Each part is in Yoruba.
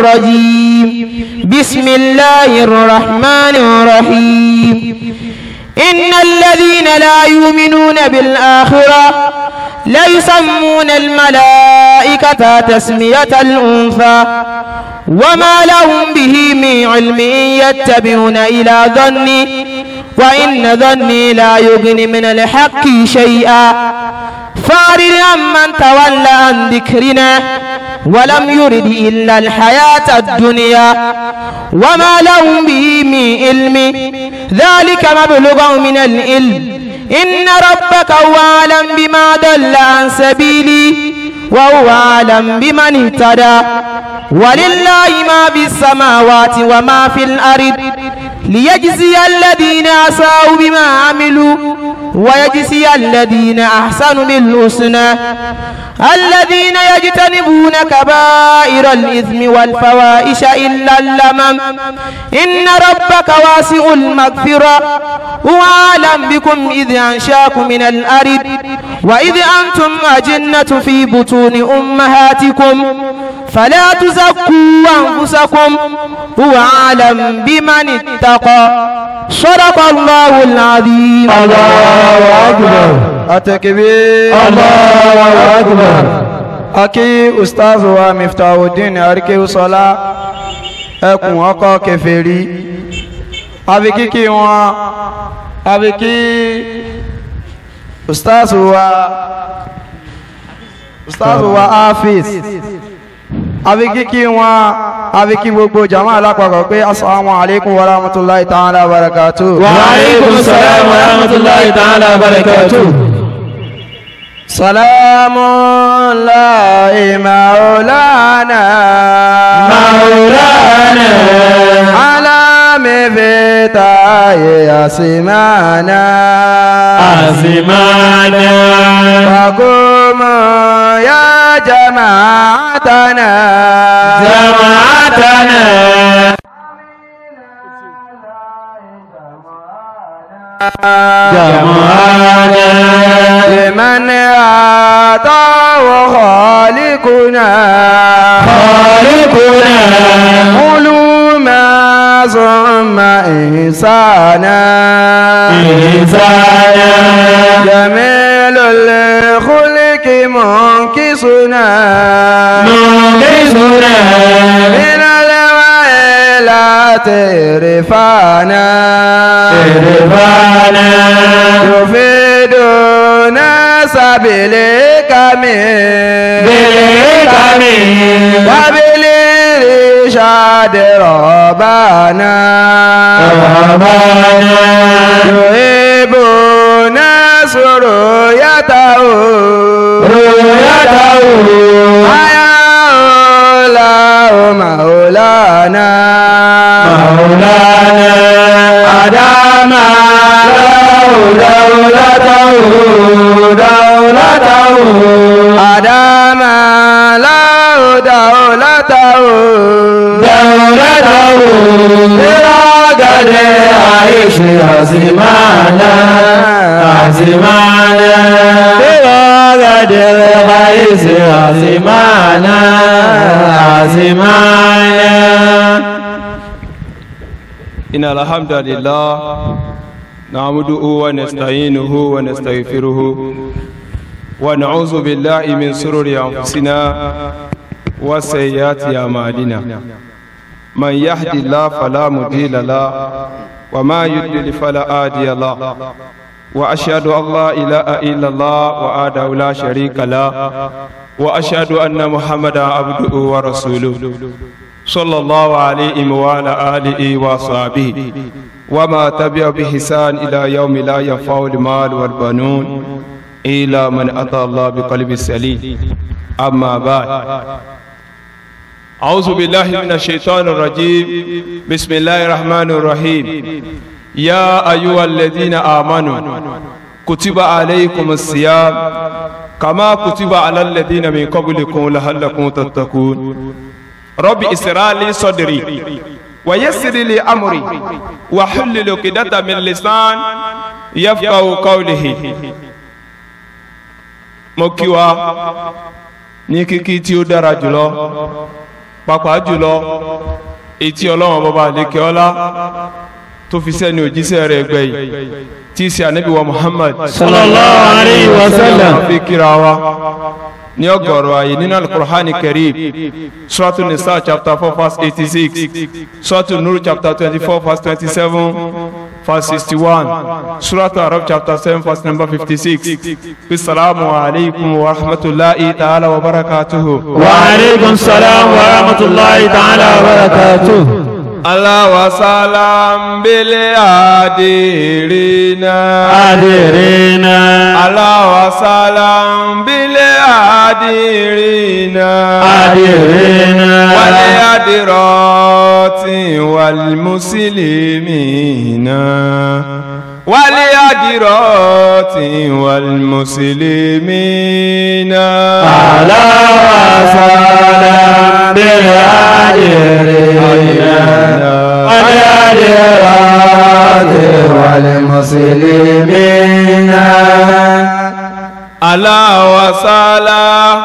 الرجيم بسم الله الرحمن الرحيم إن الذين لا يؤمنون بالآخرة لا يسمون الملائكة تسمية الأنثى وما لهم به من علم يتبعون إلى ظني وإن ظني لا يغني من الحق شيئا فارد عمن تولى عن ذكرنا ولم يرد إلا الحياة الدنيا وما لهم به من علم ذلك مبلغ من العلم إن ربك هو أعلم بما دل عن سبيلي وهو أعلم بمن اهتدى ولله ما في السماوات وما في الأرض ليجزي الذين أساءوا بما عملوا ويجزي الذين أحسنوا بالحسنى الذين يجتنبون كبائر الإثم والفوائش إلا اللمم إن ربك واسع المغفرة هو أعلم بكم إذ أنشاكم من الأرض وإذ أنتم أجنة في بطون أمهاتكم فلا تزكوا أنفسكم هو أعلم بمن اتقى صدق الله العظيم الله akbar atakbir Allahu akbar akí ustaz wa miftahudin arikewusola ẹkùn ọkọ kèfèrí abikiki wọn abiki ustaz wa ustaz wa afis abikiki wọn. àbí kí gbogbo jama alápapọ̀ pé asalaamu alaykum wa rahmatulahi ta'ala wa barakatu. wa aleykum salaam wa rahmatulahi ta'ala wa barakatu. salamu lahi maulana. maulana. alami fitaye asimana. asimana. fakumu ya jamaatana. jamaatana. ربنا جمعنا لمن أعطى وخالقنا خالقنا علوما ثم إنسانا إنسانا جميل الخلق منكسنا منكسنا ترفانا ترفانا يفيدنا سبلكمين بالكمين وبالرشاد ربنا ربنا يهبنا سريته رؤيته يا مولانا مولانا أداما دولته دولته أداما له دولته دولته لقد عيش عزمانا عزمانا قدر غيث عزمانا عزمانا إن الحمد لله نعمده ونستعينه ونستغفره ونعوذ بالله من سرور أنفسنا وسيئات أعمالنا من يهد الله فلا مضل له وما يضلل فلا هادي له وأشهد أن لا إله إلا الله وأده لا شريك له وأشهد أن محمدا عبده ورسوله صلى الله عليه وعلى آله وصحبه وما تبع بحسان إلى يوم لا ينفع المال والبنون إلا من أتى الله بقلب سليم أما بعد أعوذ بالله من الشيطان الرجيم بسم الله الرحمن الرحيم يا أيها الذين آمنوا كتب عليكم الصيام كما كتب على الذين من قبلكم لعلكم تتقون رب اسرع لي صدري ويسر لي امري واحلل عقدة من لسان يفقه قوله mo kí wa ní kíkí tí ó dára jùlọ pàápàá jùlọ etí ọlọ́run bọba àlékè ọlá tó fi sẹ́ni òjíṣẹ́ rẹ̀ gbẹ̀yìn tí í ṣe ànábì wa Muhammad sallallahu alayhi wa sallam ní ọ̀gọ̀rọ̀ ayé nínú alukur'ani karim suratu nisa chapter four verse eighty six suratu nur chapter twenty four verse twenty seven verse sixty one suratu arab chapter seven verse number fifty six bisalaamu alaykum wa rahmatulahi ta'ala wa barakatuhu. wa aleykum salaam wa rahmatulahi ta'ala wa barakatuhu. Aláwasáàlám bílé àdìrínà. Àdìrínà. Aláwasáàlám bílé àdìrínà. Àdìrínà. Wálé àdìrọ̀ tí wàlí mùsùlùmí náà. ولأدرات والمسلمين على وسلم بالأجر والأجرات والمسلمين على وسلم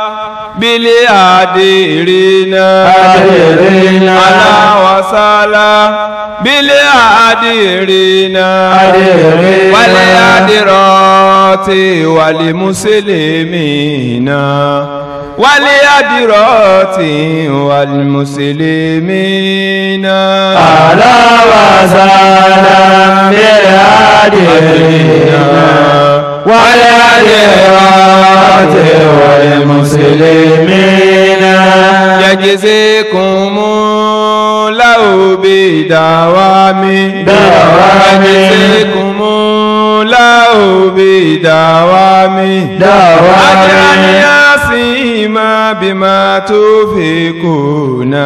bílẹ̀ àdìrínà àdìrínà aláwọ̀sálà bílẹ̀ àdìrínà àdìrínà wálé àdìrọ̀ tí wàlé mùsùlùmí náà wálé àdìrọ̀ tí wàlé mùsùlùmí náà. aláwọ̀sálà bílẹ̀ والعادرات والمسلمين يجزيكم له بدوام دوام يجزيكم له بدوام دوام أسيما بما توفيقونا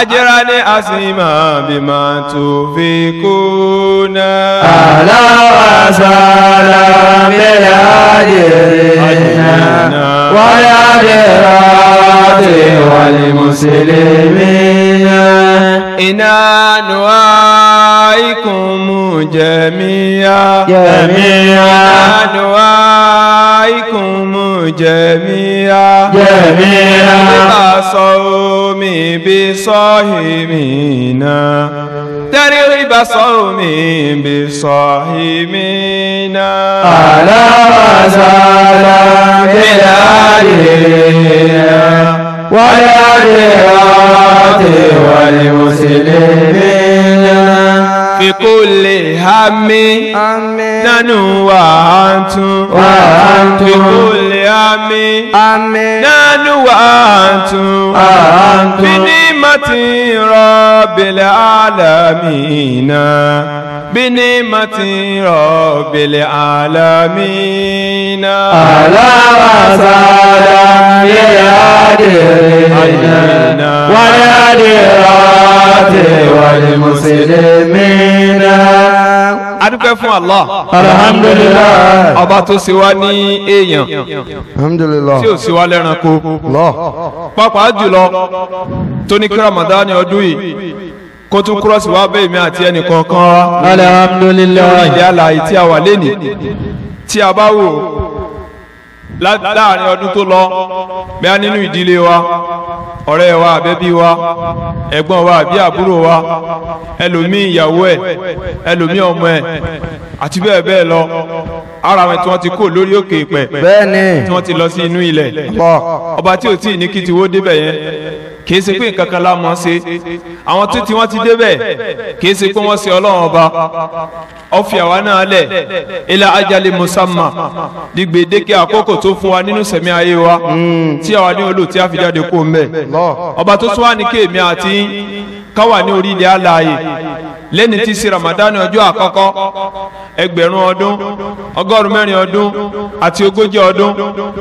أجرا أسيما بما توفيقونا أهلا وسهلا بالأجرين والأجرات والمسلمين إنا نوائكم جميعا جميعا نوائكم جميعا جميعا صومي بصاهمينا ترغب صومي بصاهمينا على مزال بلادنا ولعبرات والمسلمين في كل هم nanu wa antum wa antum bikuli ami ami nanu wa antum wa antum binimati rabbil alamina. بنعمة رب العالمين على وسلام للعادلين والعادلات والمسلمين adúpẹ́ fún allah alhamdulilah ọba tó ṣe wá ní èèyàn alhamdulilah tí ò ṣe wá lẹ́ranko pàápàá jùlọ tó ní kí ramadan ọdún yìí kó tún kúrọ́sì wá bẹ́ẹ̀ mi àti ẹnì kankan wa. alhamdulilayi. lórí ìdí àlàyé tí a wà lẹ́nìí tí a bá wò láàrin ọdún tó lọ bẹ́ẹ̀ nínú ìdílé wa ọ̀rẹ́ wa àbẹ́bí wa ẹ̀gbọ́n wa àbí àbúrò wa ẹlòmíì ìyàwó ẹ̀ ẹlòmíì ọmọ ẹ̀ àti bẹ́ẹ̀ bẹ́ẹ̀ lọ ara wọn tí wọ́n ti kó lórí òkè ìpẹ́ bẹ́ẹ̀ ni tí wọ́n ti lọ sí inú ilẹ̀ ọba tí ò tí ì ní kí ti wó yẹn kìí ṣe pé nǹkan kan la mọ̀ ṣe àwọn títí wọn ti débẹ̀ kìí ṣe pé wọ́n ṣe ọlọ́run ọba ọ̀fì àwa náà lẹ̀ ilà ajali musamma di gbèdéke àkókò tó fún wa nínú sẹ̀mí ayé wa tí àwa ní olú tí a fi jáde kó mẹ́ ọba tó tún wà ní kéèmí àti káwà ní orí àlàyé. lẹ́ni tí sí Ramadan ọjọ́ àkọ́kọ́ ẹgbẹ̀rún ọdún ọgọ́rùn mẹ́rin ọdún àti ogójì ọdún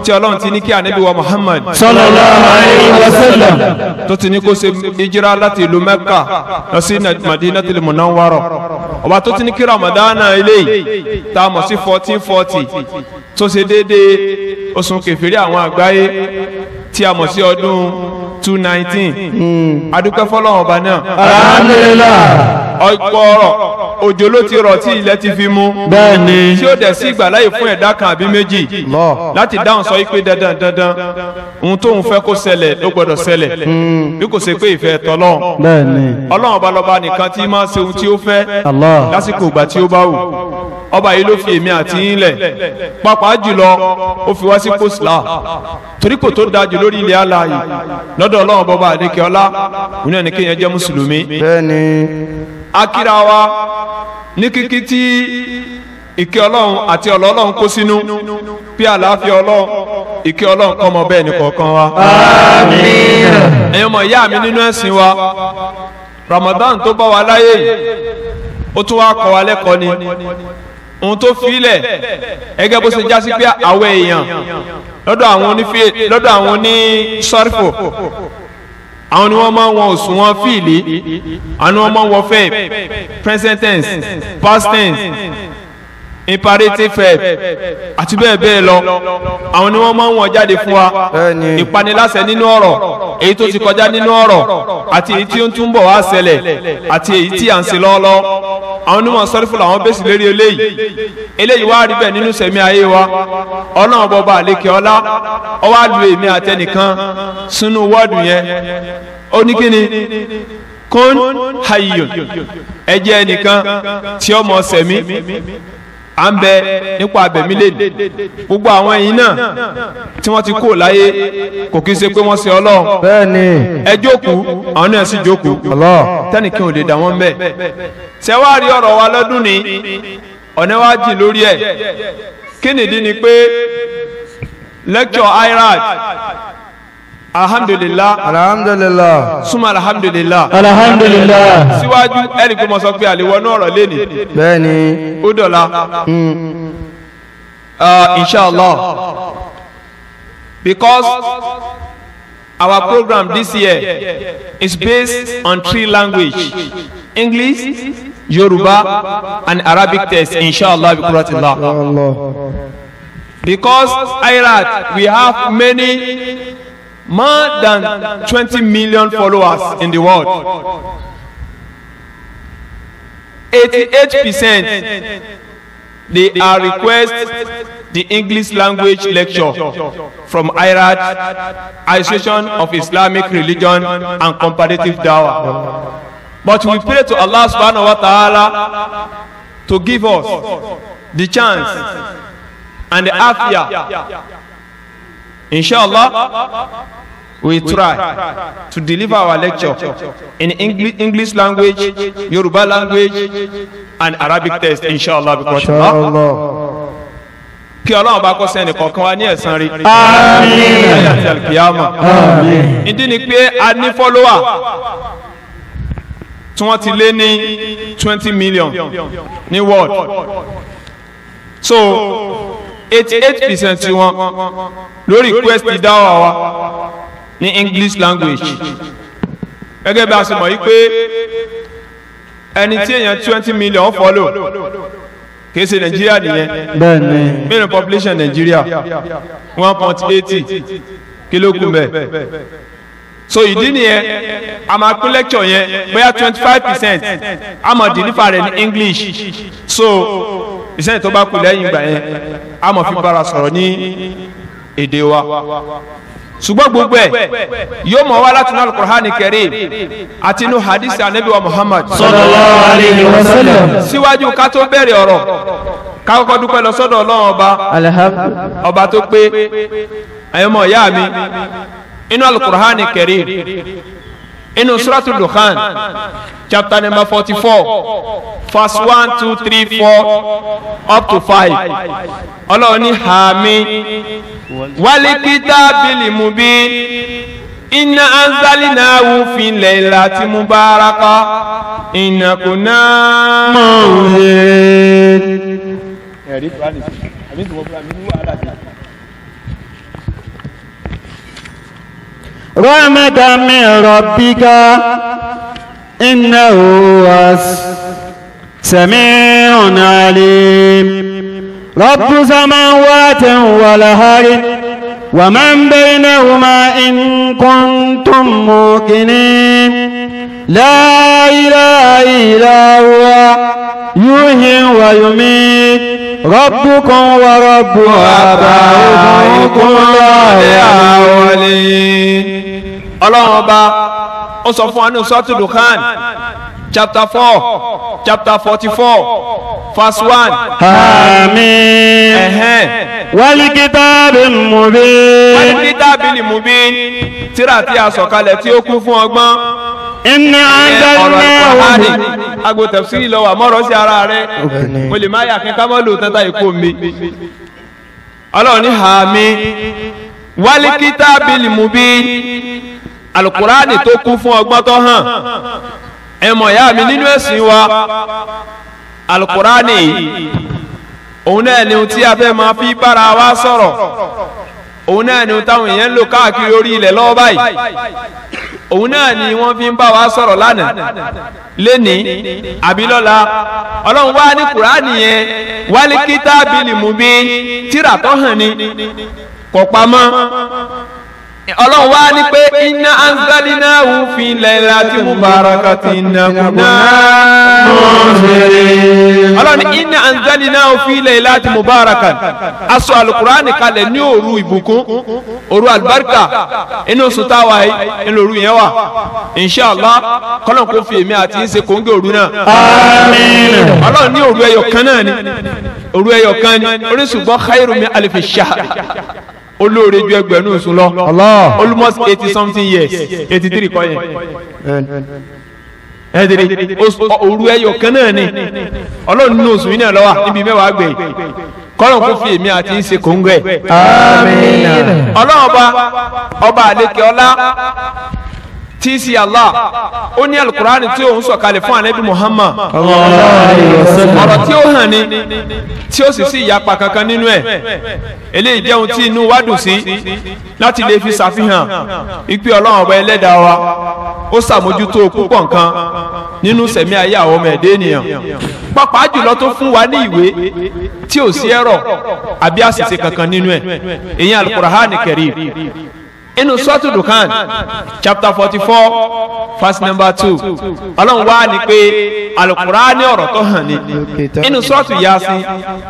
tí ọlọ́run ti ní kí ànábì wa Muhammad. sallallahu alaihi tó ti ní kó ṣe ìjírá láti ìlú Mẹ́kà lọ sí ọba tó ti ní kí Ramadan eléyìí tá a mọ̀ sí fourteen forty tó ṣe déédéé oṣù kẹfìrí àwọn a mọ̀ sí ọdún two nineteen hmm. ọba náà. 挨过了。òjò ló ti rọ̀ tí ilẹ̀ ti fi mú. bẹ́ẹ̀ni. tí ó dẹ̀ sí ìgbàláyè fún ẹ̀dá kan àbí méjì. lọ. láti dáhùn sọ wípé dandan dandan ohun tóun fẹ́ kó ṣẹlẹ̀ ló gbọ́dọ̀ ṣẹlẹ̀. Hmm. bí kò ṣe pé ìfẹ́ tọ́lọ́run. bẹ́ẹ̀ni. ọlọ́run ọba lọ́ba nìkan tí máa ṣe ohun tí ó fẹ́. Allah. lásìkò ìgbà tí ó bá wù. ọba yìí ló fi èmi àti yín lẹ̀. pàápàá jùlọ ó fi wá sí pósìlà. torí kò tó da jù lórí ilẹ̀ alààyè lọ́dọ̀ ọlọ́run bọ́ba àdékẹ́ọ́lá òun náà ní kéèyàn jẹ́ mùsùlùmí. bẹ́ẹ̀ni. akíra wa ní kíkí tí ìkẹ́ ọlọ́run àti ọlọ́ ọlọ́run kó sínú bí àlàáfíà ọlọ́run ìkẹ́ ọlọ́run kọ́ mọ bẹ́ẹ̀ ni kọ̀ọ̀kan wa. àmín. ẹ̀yin ọmọ ìyá mi nínú ẹ̀sìn wa Ramadan tó bá wa láyé ó tún wá kọ́ wa lẹ́kọ̀ọ́ ni ohun tó filẹ̀ ẹgẹ́ bó ṣe já sí pé àwọn èèyàn lọ́dọ̀ àwọn onífẹ́ lọ́dọ̀ àwọn oní àwọn ni wọ́n máa ń wọ òṣùwọ̀n fíìlì àwọn ni wọ́n máa wọ fẹ́ present tense past tense imperative verb àti bẹ́ẹ̀ bẹ́ẹ̀ lọ àwọn ni wọ́n máa ń wọ̀n jáde fún wa ìpaniláṣẹ nínú ọ̀rọ̀ èyí tó ti kọjá nínú ọ̀rọ̀ àti èyí tí ó ń túnbọ̀ wá ṣẹlẹ̀ àti èyí tí à ń ṣe lọ́ọ́lọ́ọ́ àwọn onímọ̀ sọ́rífù làwọn bẹ́sì lérí eléyìí eléyìí wá rí bẹ́ẹ̀ nínú sẹ̀mí ayé wa ọlọ́run bọba àlékè ọlá ọwọ́ àlùyé mi àtẹnìkan sínú wọ́ọ̀dù yẹn ó ní kíni kún hayiyun ẹ jẹ́ ẹnìkan tí ọmọ sẹ̀mí à ń bẹ nípa abẹ̀mí lèdè gbogbo àwọn ẹ̀yin náà tí wọ́n ti kó láyé kò kí n ṣe pé wọ́n ṣe ọlọ́run bẹ́ẹ̀ni ẹ jókòó àwọn náà sì jókòó tẹ́nìkan ò lè dà wọ́n bẹ́ẹ̀ ṣẹ́wáàrí ọ̀rọ̀ wa lọ́dún ni ọ̀nà wa jì lórí ẹ̀ kí nìdí ni pé lecture irad alhamdulilah alhamdulilah suma alhamdulilah alhamdulilah síwájú ẹni pé mo sọ pé àlewọ náà ọ̀rọ̀ lẹni. bẹ́ẹ̀ni. ó dọ̀la. Hmm. Ah, inshallah because our program this year is based on three languages english yoruba and arabic text inshallah because irat we have many more than 20 million followers in the world. 88 percent they are request the English language lecture from IRAD, Association of Islamic Religion and Comparative Dawa. But we pray to Allah subhanahu wa ta'ala to give us the chance and the afia Inshallah, we try to deliver our lecture in English, language, Yoruba language, and Arabic text, inshallah, because Allah. kí ọlọ́run bá kọ́ sẹ́ni kọ̀ọ̀kan wa ní ẹ̀san rí. àmín. ayàtí alikiyama. àmín. ìdí ni pé a ní fọ́lọ́wà tí wọ́n ti lé ní twenty million ní world so eighty eight percent tiwọn lórí request dáwà wa ní English language gẹ́gẹ́ bí a ṣe mọ̀ yí pé ẹni tí èèyàn twenty million follow kìí ṣe nàìjíríà nìyẹn bẹ́ẹ̀ni million population nàìjíríà one point eighty kìlógún bẹ́ẹ̀ so ìdí nìyẹn a máa pín lecture yẹn bóyá twenty five percent a máa deliver rẹ̀ ní english so ìsẹ́yìn tó bá kù lẹ́yìn ìgbà yẹn a máa fi bára sọ̀rọ̀ ní èdè wa ṣùgbọ́n gbogbo ẹ̀ yóò mọ̀ wá láti náà Al-Qur'ani Karim àti inú hadith anabi wa Muhammad sallallahu alayhi wa sallam síwájú ká tó bẹ̀rẹ̀ ọ̀rọ̀ ká kọ́kọ́ dúpẹ́ lọ sọ́dọ̀ ọlọ́run ọba ọba tó pé ẹ̀yọ́mọ̀ ìyá mi inú Al-Qur'ani Karim inú suratu dukhan chapter number forty four verse one two three four up to five ọlọ́run ní hàmí wálíkítà bílí mubin inna anzalnahu fi laylati mubaraka inna kunna. mọ̀ọ́yé. ẹ̀rí kúránì sí. رحمة من ربك إنه هو السميع العليم رب سماوات والأرض ومن بينهما إن كنتم موقنين لا إله إلا هو يحيي ويميت ربكم ورب آبائكم الأولين ọlọ́run ọba ó sọ fún wa ní sọ́tù dukhan chapter four chapter forty four verse one. àmín. wálíkítàbí mubin. wálíkítàbí mubin tíra tí a sọ̀kalẹ̀ tí ó kún fún ọgbọ́n. inna anzalnahu agbo tẹ̀síìrì lọ́wọ́ àmọ́rọ̀ sí ara rẹ̀ mo lè má yà kí n ká mọ́ lò tẹ́tà ikú mi ọlọ́run ní hàmí wálé kitabil mubin alukuraani tó kún fún ọgbọ́n tó hàn ẹ mọ̀ ìyá mi nínú ẹ̀sìn wa alukuraani òun náà ni ohun tí a fẹ́ máa fi bára wa sọ̀rọ̀ òun náà ni ohun táwọn èèyàn ń lò káàkiri orí ilẹ̀ lọ́wọ́ báyìí òun náà ni wọ́n fi ń bá wa sọ̀rọ̀ lánàá lẹ́ni àbílọ́la ọlọ́run wá ní kùránì yẹn wálé kítábìlì mú bí tíra tó hàn ní ọlọ́run wá ní pé iná anzalina fi laylati mubarakatin kunna munzirin. ọlọ́run iná anzalina fi laylati mubarakatin aṣọ alukuraani kalẹ̀ ní òru ìbùkún òru alibarika inú sùtá wa yìí inú òru yẹn wa inṣàlá kọ́lọ́n kò fi èmi àti ń ṣe kóńgé òru náà. àmín. ọlọ́run ní òru ẹyọ kan náà ni òru ẹyọ kan ni oríṣùgbọ́n khairu min alfi shahr olóore ju ẹgbẹ̀rún sùn lọ almost eighty something years eighty three kọ́ yẹn ẹdiri òru ẹyọ kan náà ni Ọlọ́run nínú oṣù yìí náà lọ wà níbi mẹ́wàá gbẹ kọlọn kò fi èmi àti ṣe kóńgẹ. Àmín. Ọlọ́run ọba ọba àlekè ọlá tí í sí Allah ó ní alukurani tí òun sọ̀kalẹ̀ fún anabi Muhammad ọ̀rọ̀ tí ó hàn ní tí ó sì sí ìyapa kankan nínú ẹ̀ eléyìí jẹ́ ohun tí inú wa dùn sí láti lè fi ṣàfihàn ìpè ọlọ́run ọba ẹlẹ́dàá wa ó ṣàmójútó púpọ̀ nǹkan nínú sẹ̀mí ayé àwọn ọmọ ẹ̀dẹ́ ènìyàn pàápàá jùlọ tó fún wa ní ìwé tí ò sí ẹ̀rọ àbí àṣìṣe kankan nínú ẹ̀ ìyẹn alukurani kẹrì Inu sọ́tù dukan, chapter forty four verse number two ọlọ́run wá ní pé alukurani ọ̀rọ̀ tó hàn ní inú sọ́tù yasin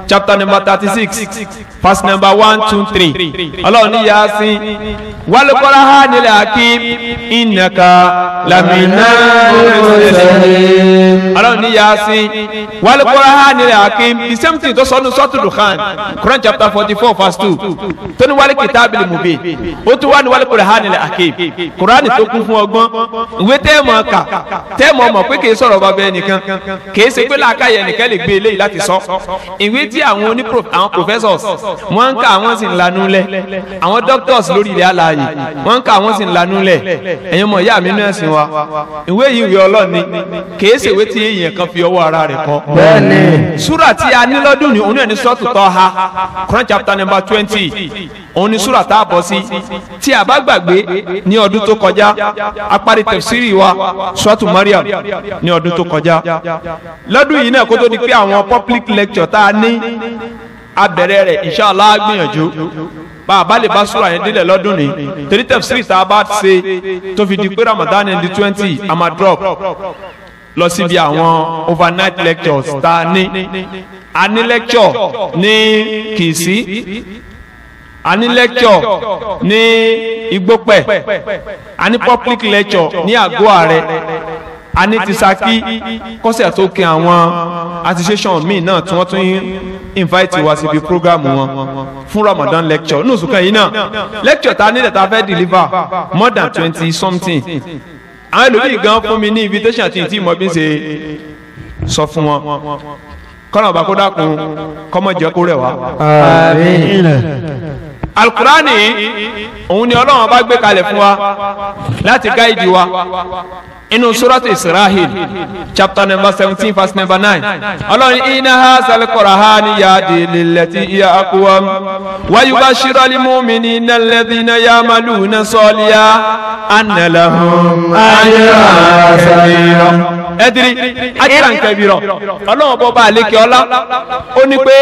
chapter number thirty six verse number one two three ọlọ́run ni yasin wàlúkọ́lá ha nílẹ̀ akim ìnàkà lamina ọlọ́run ni yasin wàlúkọ́lá ha nílẹ̀ akim the same thing tó sọ ní sọ́tù dùkán Quran chapter forty four verse two tó ní wàlúkìtà bìlì mùbí ó tún wà ní wal Qur'anil hakim kùránì tó kún fún ọgbọ́n ìwé tẹ́ mọ̀ kà tẹ́ mọ̀ mọ̀ pé kì í sọ̀rọ̀ bàbá ẹnìkan kì í ṣe pé làákàyè ẹnìkan lè gbé eléyìí láti sọ ìwé tí àwọn oní àwọn professors wọ́n ń kà wọ́n sì ń lanú lẹ̀ àwọn doctors lórí ilẹ̀ alààyè wọ́n ń kà wọ́n sì ń lanú lẹ̀ ẹ̀yin mọ̀ ìyá mi náà sìn wa ìwé yìí ìwé ọlọ́ni kì í ṣe ìwé tí èèyàn kan fi ọwọ́ ara rẹ̀ kọ. bẹ́ẹ̀ni. súrà tí a ní lọ́dún ni òun náà ní sọ́ọ̀tù Taha Quran chapter number twenty òun ní súrà tá a bá gbàgbé ní ọdún tó kọjá a parí tafsiri wa suratu Maryam ní ọdún tó kọjá lọ́dún yìí náà kó tó di pé àwọn public lecture tá a ní abẹ̀rẹ̀ rẹ̀ inshallah gbìyànjú bá a bá lè bá sùúrà yẹn délẹ̀ lọ́dún ni torí tafsiri tá a bá ṣe tó fi di pé Ramadan ẹni twenty a drop lọ síbi àwọn overnight lectures tá a ní a ní lecture ní Kìsí a lecture ní igbópẹ̀ a public lecture ni àgọ́ ààrẹ a tisaki ti Ṣakí kọ́sẹ̀ tó kí àwọn association míì náà tí wọ́n tún invite wa síbi program wọn fún Ramadan lecture ní oṣù kan yìí náà lecture ta nílẹ̀ ta fẹ́ deliver more than twenty something àwọn ẹlòmíì gan fún mi ní invitation àti ìtì ìmọ̀ bí ń ṣe sọ fún wọn kọ́nà ọba kó dákun kọ́mọ jẹ́ kó rẹ̀ wá. àmín alukurani òun ni ọlọ́run bá gbé kalẹ̀ fún wa láti gáìdì wa inú suratu israhil chapter number seventeen verse number nine ọlọ́run iná ha salikora ha ni yaadi lilẹti iya akuwa wayuba shirali mumini nalẹbi na yamalu na sọliya analahun ayé asaliya ẹdiri ajira nkẹbirọ Ọlọ́run bọba àlekè ọlá ó ní pé.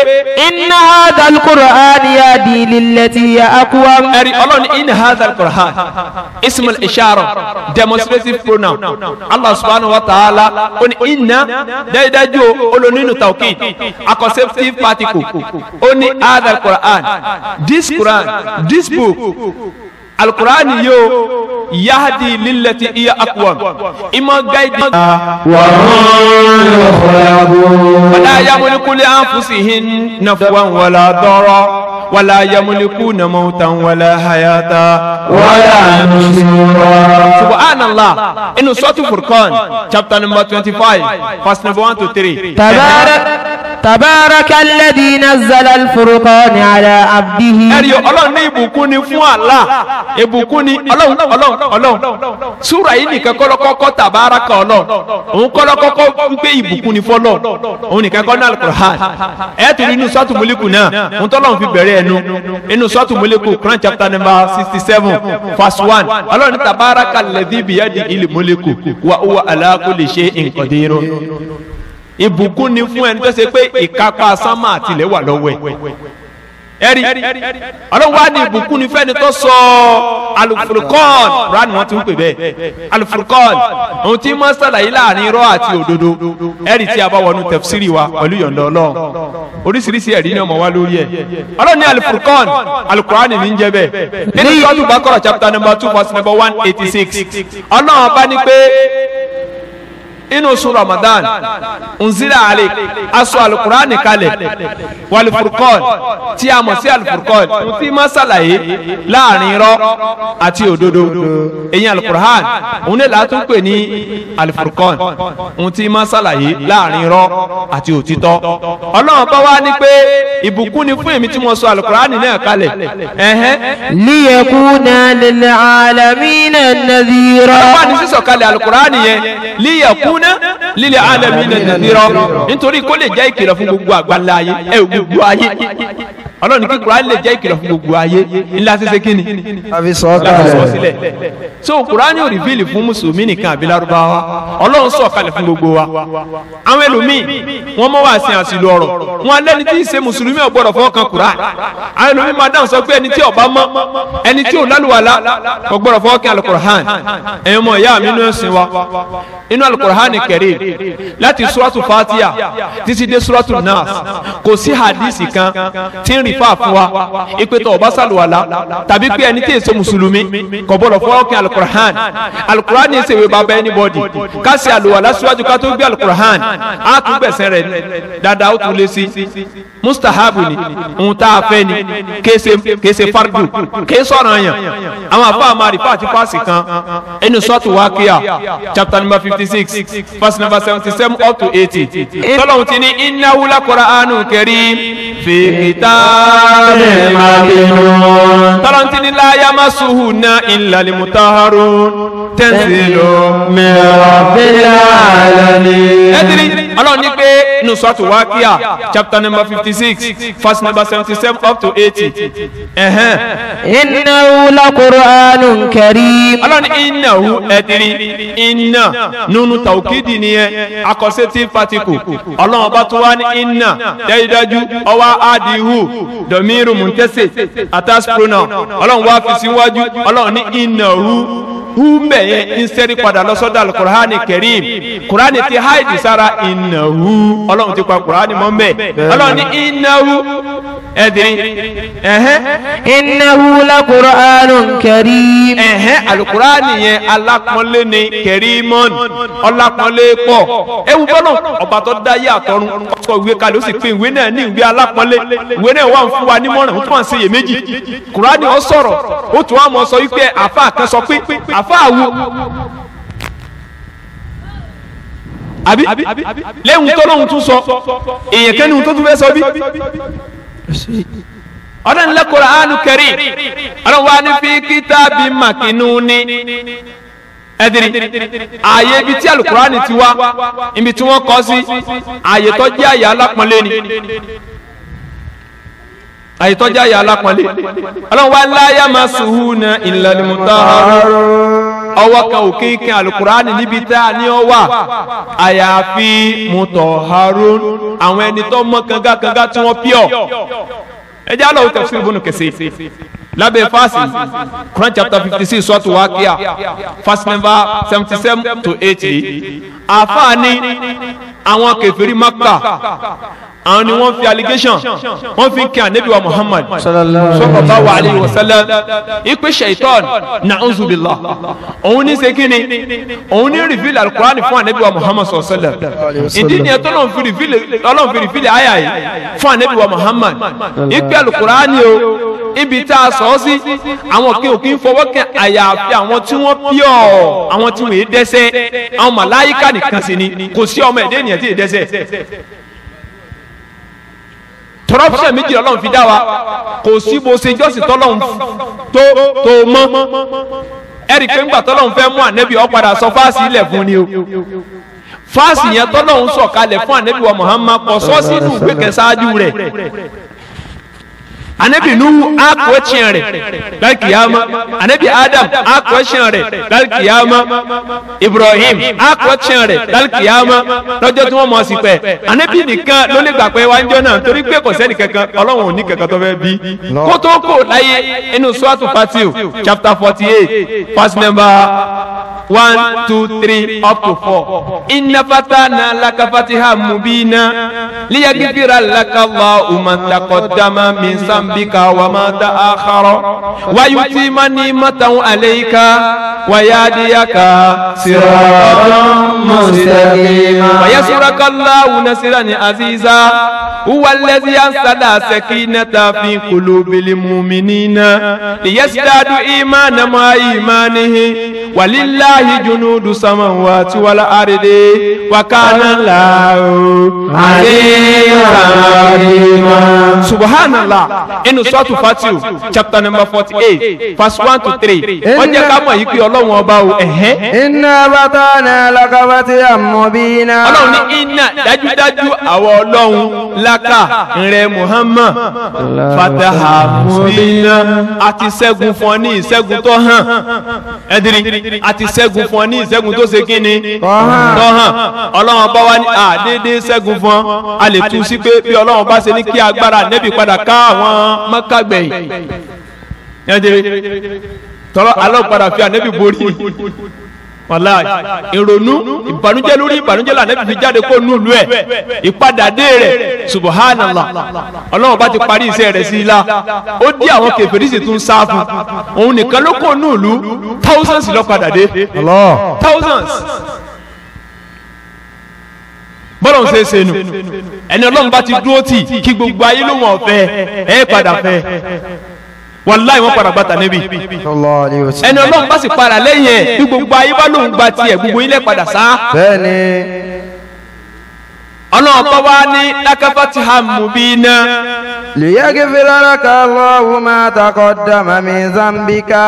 inna hadhal qur'an yahdi lillati ya aqwam. ẹ̀rí Ọlọ́run inna hadhal qur'an ismul ishara demonstrative pronoun Allah subhanahu wa ta'ala ó ní inna dájúdájú olónínú tawkid accusative particle ó ní hadhal qur'an this quran this book alukurani يو يهدي للتي هي akuwam ima gaidi. ولا hàn yọ̀fọ̀yàbọ̀. wàlá ولا ضرا ولا يملكون موتا ولا حياة namautan wàlá hayata. wàlá nusura. subhanallah inu chapter number twenty five verse number one to three. تبارك tàbárakà lẹ́dí iná zala furukọ́ ni ala abdihi. ẹ̀rí ọlọ́run ní ìbùkún ni fún àlá ìbùkún ni ọlọ́run ọlọ́run ọlọ́run súra yìí nìkan kọ́lọ́kọ́kọ́ tàbárakà ọlọ́run òun kọ́lọ́kọ́kọ́ ń gbé ìbùkún ni fọ́lọ́ òun nìkan kọ́ ní alukur'an ẹ̀ tún nínú sọ́ọ̀tù múlíkù náà òun tọ́lọ́run fi bẹ̀rẹ̀ ẹnu inú sọ́ọ̀tù múlíkù Quran chapter number sixty seven verse one ọlọ́run tàbárakà lẹ́dí bìyàdì ìlú múlíkù wa huwa ala kulli shay'in qadir ìbùkún ni fún ẹni tó ṣe pé ìkápá sánmà àtìlẹ̀ wà lọ́wọ́ ẹ̀ ẹ̀rí ọlọ́wọ́ á ní ìbùkún ni fẹ́ni tó sọ alufurukọ́ọ̀n rán ni wọ́n ti ń pè bẹ́ẹ̀ alufurukọ́ọ̀n ohun tí mọ́ sàlàyé láàrin irọ́ àti òdodo ẹ̀rí tí a bá wọnú tẹ̀fsírì wa pẹ̀lú yọ̀ǹda ọlọ́run oríṣiríṣi ẹ̀rí ni ọmọ wa lórí ẹ̀ ọlọ́run ní alufurukọ́ọ̀n alukura ni mi ń jẹ́ bẹ́ẹ̀ nínú sọ́ọ̀tù bákọ́rọ̀ chapter number two verse number one eighty six ọlọ́run bá ní pé inú oṣù Ramadan unzila ale aṣọ alukurani kalẹ̀ walifurukọ́n tí a mọ̀ sí alifurukọ́n tí ma ṣàlàyé láàrin irọ́ àti òdodo èyí alukurani òun ní láti pè ní alifurukọ́n òun tí ma ṣàlàyé láàrin irọ́ àti òtítọ́ ọlọ́run bá wá ní pé ìbùkún ni fún èmi tí mo sọ alukurani náà kalẹ̀ ẹ̀hẹ́n. liyakuna lil alamina nadhira. ọlọ́run ní sísọ̀kalẹ̀ alukurani yẹn liyakuna lílẹ̀ alẹ́ mi nà nìyẹn nítorí kó lè jẹ́ ìkìlọ̀ fún gbogbo àgbáńlá ayé ẹ̀ gbogbo ayé ọlọ́run ní kí Kùránì lè jẹ́ ìkìlọ̀ fún gbogbo ayé ńlá ṣẹṣẹ kí ni. àfi so Kùránì ò rìfíìlì fún mùsùlùmí nìkan àbí lárúbáwá ọlọ́run sọ kalẹ̀ fún gbogbo wa. àwọn ẹlòmíì wọn mọ wàá sin àsìlò ọ̀rọ̀ wọn alẹ́ni tí í ṣe mùsùlùmí ò gbọ́dọ̀ fọwọ́ kan àwọn ẹlòmíì máa dáhùn sọ pé ẹni tí ó mọ́ ẹni tí ò lálùwàlá kò gbọ́dọ̀ fọwọ́ rífà fún wa ipe tó o bá sàlùwàlà tàbí pé ẹni tí èso mùsùlùmí kò bọ̀dọ̀ fún ọkàn alukurahan alukurahan ní ìsèwé bàbá ẹni bọ́dì ká ṣe àlùwàlà síwájú ká tó gbé alukurahan á tún gbẹ̀sẹ̀ rẹ̀ dáadáa ó tún lé sí mustahabu ni ohun tá a fẹ́ ni kése fardu kése ọ̀ràn yàn àwọn àfa àmàrí fàtí fàsì kan ẹnu sọ́ọ̀tù wákìá chapter number fifty six verse number seventy seven up to eighty tọ́lọ́hún ti ní inna wula Qur'anun karim fi kitab tọ́lọ́ntì ní láyà má suhù ná ìlàlì mùtáhárù tẹ́ǹsì lọ. mẹ́wàá bẹ́ẹ̀ lálẹ́. ẹ ti ọlọ́run ní pé nínú sọ́ọ̀tù wákíà chapter number fifty six verse number seventy seven up to eighty. innahu la qur'anun karim. ọlọ́run innahu ẹ̀dínrín inna nunu tawkidi nìyẹn akọ̀ṣe tí fatikù ọlọ́run ọba tó wá ní inna dájúdájú ọwá adihu domiru muntese attached pronoun ọlọ́run wá fi síwájú ọlọ́run ní innahu húmbẹ̀ yẹn ń sẹ́rí padà lọ́sọ́dọ̀ alukur'ani karim kur'ani ti haidi sara in ìnáwó ọlọ́run ti pa kùránì mọ́ mbẹ́ ni ní ìnáwó ẹ̀dìrín ẹ̀hẹ́n. ìnáwó lakuránù karim. ẹ̀hẹ́n alukuránì yẹn alápọ̀nlé ni kẹrìmọ́n ọlápọ̀nlé pọ̀ ewu bọ́lọ̀ ọba tó dá yé àtọ̀run ọkọ̀ ìwé kalẹ̀ ó sì pé ìwé náà ní ìwé alápọ̀nlé ìwé náà wà fún wa nímọ̀ràn ó tún à ń ṣe iyèméjì kùránì ó sọ̀rọ̀ ó tún wà sọ wípé àfa kan pé àfa àwo àbí léwu tọ́lọ́hún tún sọ èèyàn kẹ́ni tó tún fẹ́ sọ bí. ọlọ́run lẹ́ Kùránù kẹrí ọlọ́run wa ní fi kítàbí màkínú ni ẹdiri ààyè ibi tí alukurani ti wá ibi tí wọ́n kọ sí ààyè tó jẹ́ alápọ̀nlé ni ààyè tó jẹ́ alápọ̀nlé ọlọ́run wa la yamassuhu illa al-mutahharun ọwọ́ kan òkè ìkẹ alukurani níbi tá a ní ọ wà àyàfi mutọharun àwọn ẹni tó mọ́ kangakanga tí wọ́n pure ẹ jẹ́ àlọ́ tafsir Ibn Kathir lábẹ́ fásì Quran chapter fifty six sọ́ọ̀tù wákìá fásì number seventy seven to eighty àfáàní àwọn kèfèrí Mákà àwọn ni wọ́n fi allegation wọ́n fi kí anabi wa muhammad sallallahu alayhi wa sallam ipe shaitan na'uzu billah òun ní sekini òun ní rìfìlì alukurani fún anabi wa muhammad sallallahu alayhi wa sallam ìdí nìyẹn tó lọ́n fi rìfìlì ọlọ́n fi rìfìlì àyà yìí fún anabi wa muhammad ipe alukurani o ibi tá a sọ ọ sí àwọn kí òkín fọwọ́ kẹ àyàfi àwọn tí wọ́n píọ̀ àwọn tí wọ́n yé dẹ́sẹ̀ àwọn màláyíkà nìkan sí ni kò sí ọmọ ẹ̀dẹ́ ènìyàn tí yé dẹ́sẹ̀ tọrọ fúnṣẹ méjì lọ́lọ́run fi dá wa kò sí bó ṣe jọ́sìn tọ́lọ́run tó tó mọ́ ẹ̀rí pé ńgbà tọ́lọ́run fẹ́ mú ànẹ́bí ó padà sọ fáàsì ilẹ̀ fún ni o fáàsì yẹn tọ́lọ́run sọ̀kalẹ̀ fún ànẹ́bí wa Muhammad kò sọ́ọ́sì inú ìgbé kẹsàájú rẹ̀ anabi nuhu a kọ tiɲɛ rẹ̀ lalikiyama anabi adam a kọ tiɲɛ rẹ̀ lalikiyama ibrahim a kọ tiɲɛ rẹ̀ lalikiyama lọ́jọ́ tí wọ́n mọ̀ sí pẹ́ anabi nìkan ló lè gbà pé wa ń jọ náà torí pé kò sẹ́ni kankan ọlọ́run ò kankan tó fẹ́ bí kótó kò láyé inú suwatu fatiu chapter forty eight verse number one two three up to four. inna fatana laka fatiha mubina liyagbira laka allahu ma taqaddama min sanbika wa ma ta'akhara wa yutima nimatan alayka wa yadiyaka siratan mustaqima wa yasuraka allahu nasiran aziza huwa alladhi ansala sakinata fi qulubil mu'minina liyazdadu imana ma imanihi walillahi lillahi junudu samawati wal ardi wa kana Allahu aliman subhanallah inu suratu fatiu chapter number forty-eight, verse one to three. ó jẹ́ ká mọ̀ yìí pé Ọlọ́run ọba o ẹ̀hẹ́. inna batana laka fatiyan mubina. Ọlọ́run ní inna dájúdájú àwọn Ọlọ́run laka rẹ Muhammad fataha mubina àti ṣẹ́gun fún ọ ní ìṣẹ́gun tó hàn ẹ̀dìrín àti ṣẹ́gun ṣẹ́gun fún ọ ní ìṣẹ́gun tó ṣe kí ni tọ́hàn ọlọ́run bá wá ní àdédé ṣẹ́gun fún ọ a lè tú sí pé bí ọlọ́run bá ṣe ní kí agbára nẹ́bí padà ká àwọn mọ́kàgbẹ̀yìn tọ́lọ́ alọ́ padà fi ànẹ́bí borí wàlá ìrònú ìbànújẹ́ lórí ìbànújẹ́ là nẹbi fi jáde kó nùlù ẹ ìpadàdé rẹ subahánàlá Ọlọ́run bá ti parí iṣẹ́ rẹ̀ sí i la ó dí àwọn kèfèrí sì tún sáfù òun nìkan ló kó nùlù thousands lọ padà thousands bọ́lọ̀n ṣe é ṣe nù ẹni Ọlọ́run bá ti dúró tì kí gbogbo ayé ló wọ̀n fẹ́ ẹ padà fẹ́ wàláì wọn padà gbàtà níbi ẹni ọlọ́run bá sì padà lẹ́yìn ẹ̀ bí gbogbo ayé bá lòun gba tiẹ̀ gbogbo ilẹ̀ padà sá. bẹ́ẹ̀ni. ọlọ́run bá wá ní lákàfàtì hàmù bíi iná. lìyẹ́ kí fi lára kan lọ́wọ́ máa takọ̀ dàmà mi zambika.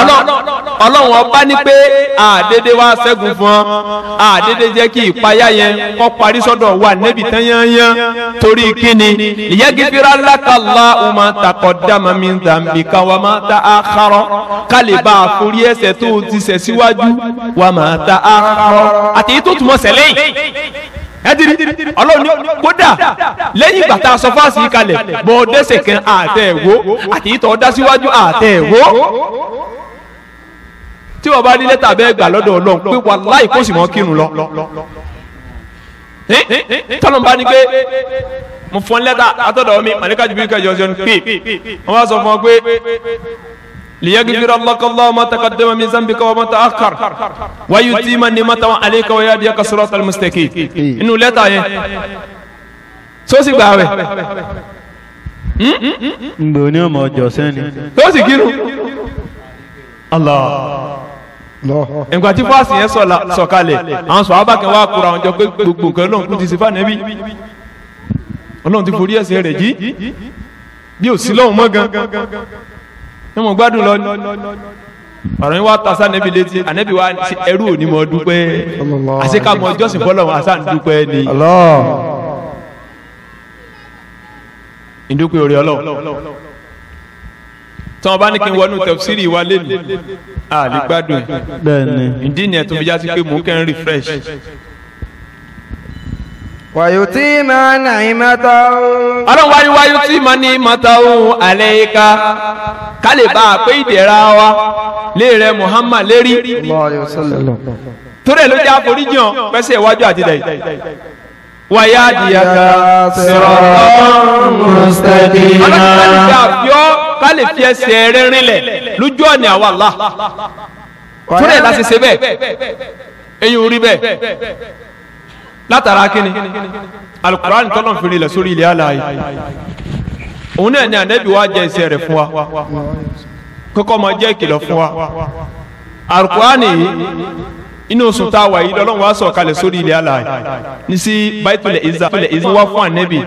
ọlọ́run ọlọ́run ọba ní pé àdédé wá ṣẹ́gun fún ọ àdédé jẹ́ kí ìpayà yẹn kọ́ parí sọ́dọ̀ wà níbi tán yányán torí kíni ìyẹ́gifira lákàlá ọmọ takọ̀dámà mi dàmbì kan wà má ta àkàrọ̀ kálí bá a forí ẹsẹ̀ tó ti ṣẹ̀ síwájú wà má ta àkàrọ̀ àti ètò ìtumọ̀ sẹ́lẹ̀ yìí ẹdiri ọlọ́run ní kódà lẹ́yìn ìgbà tá a sọ fáàsì kalẹ̀ bọ ọdẹsẹ kan àtẹ ẹwọ àti ìtọ ọdásíwájú àtẹ ẹwọ tí wọ́n bá ní lẹ́tà bẹ́ẹ̀ gbà lọ́dọ̀ ọlọ́run pé wàláì kó sì mọ́ kírun lọ tọ́lọ́n bá ní pé mo fọ́n lẹ́tà látọ̀dọ̀ mi màlíkà jù bí kẹjọ ṣe ń pè wọ́n wá sọ fún ọ pé liyagbira lọkọlọ ma taqaddama min zambika wa ma ta'akhkhar wa yutima nimatahu alayka wa yahdiyaka siratal mustaqim inú lẹ́tà yẹn sosi gbààwẹ̀ ngboni hmm? ọmọ ọjọ́ sẹni sosi kírun. Allah nǹkan tí fásitì yẹn sọ̀kalẹ̀ àwọn sọ abákẹ́ wa kura àwọn jọ pé gbogbo nǹkan ọlọ́run kú ti sí fànẹ́bí ọlọ́run ti forí ẹ̀ṣẹ̀ rẹ̀ jí bí ò sí lọ́hùn mọ́ gan ẹ mọ̀ gbádùn lọ ọ̀rọ̀ yín wá ta sànẹ́bí létí ànẹ́bí wa ẹrú òní mọ̀ dúpẹ́ àṣekámọ̀ ìjọsìn fọlọ́run àṣà ń dúpẹ́ ni ìdúpẹ́ orí ọlọ́run tí wọ́n bá ní kí n wọnú tẹ̀síìrì wa lé a lè gbádùn ẹ̀ bẹ́ẹ̀ni ìdí nìyẹn tó fi já sí pé mò ń kẹ́ ń refresh. wàyò tí màá nà í máa ta òun. ọlọ́run wáyé wáyé tí màá ní máa ta òun àlẹ́ ika ká lè bá a pé ìdẹ̀ra wa lé rẹ̀ Muhammad lérí. torí ẹ̀ ló jẹ́ àforíjìn pẹ́sẹ̀ iwájú àti dẹ̀yìn. wàyà àdìyàkà sọ̀rọ̀ mustaqima. ọlọ́run wáyé tí a fi ọ́ ká lè fi ẹsẹ̀ rẹ̀ rinlẹ̀ lójú ọ̀nà àwa Allah túrẹ̀ láti ṣe bẹ́ẹ̀ eyín orí bẹ́ẹ̀ látara kíni alukur'an tọ́lọ̀ fi rinlẹ̀ sórí ilẹ̀ alaye òun náà ni ànábì wa jẹ́ ẹsẹ̀ rẹ̀ fún wa kókó ma jẹ́ ìkìlọ̀ fún wa alukur'an yìí inú oṣù tá a wà yìí lọ́lọ́run wa sọ̀ kalẹ̀ sórí ilẹ̀ alaye ní sí baitul izza wa fún ànábì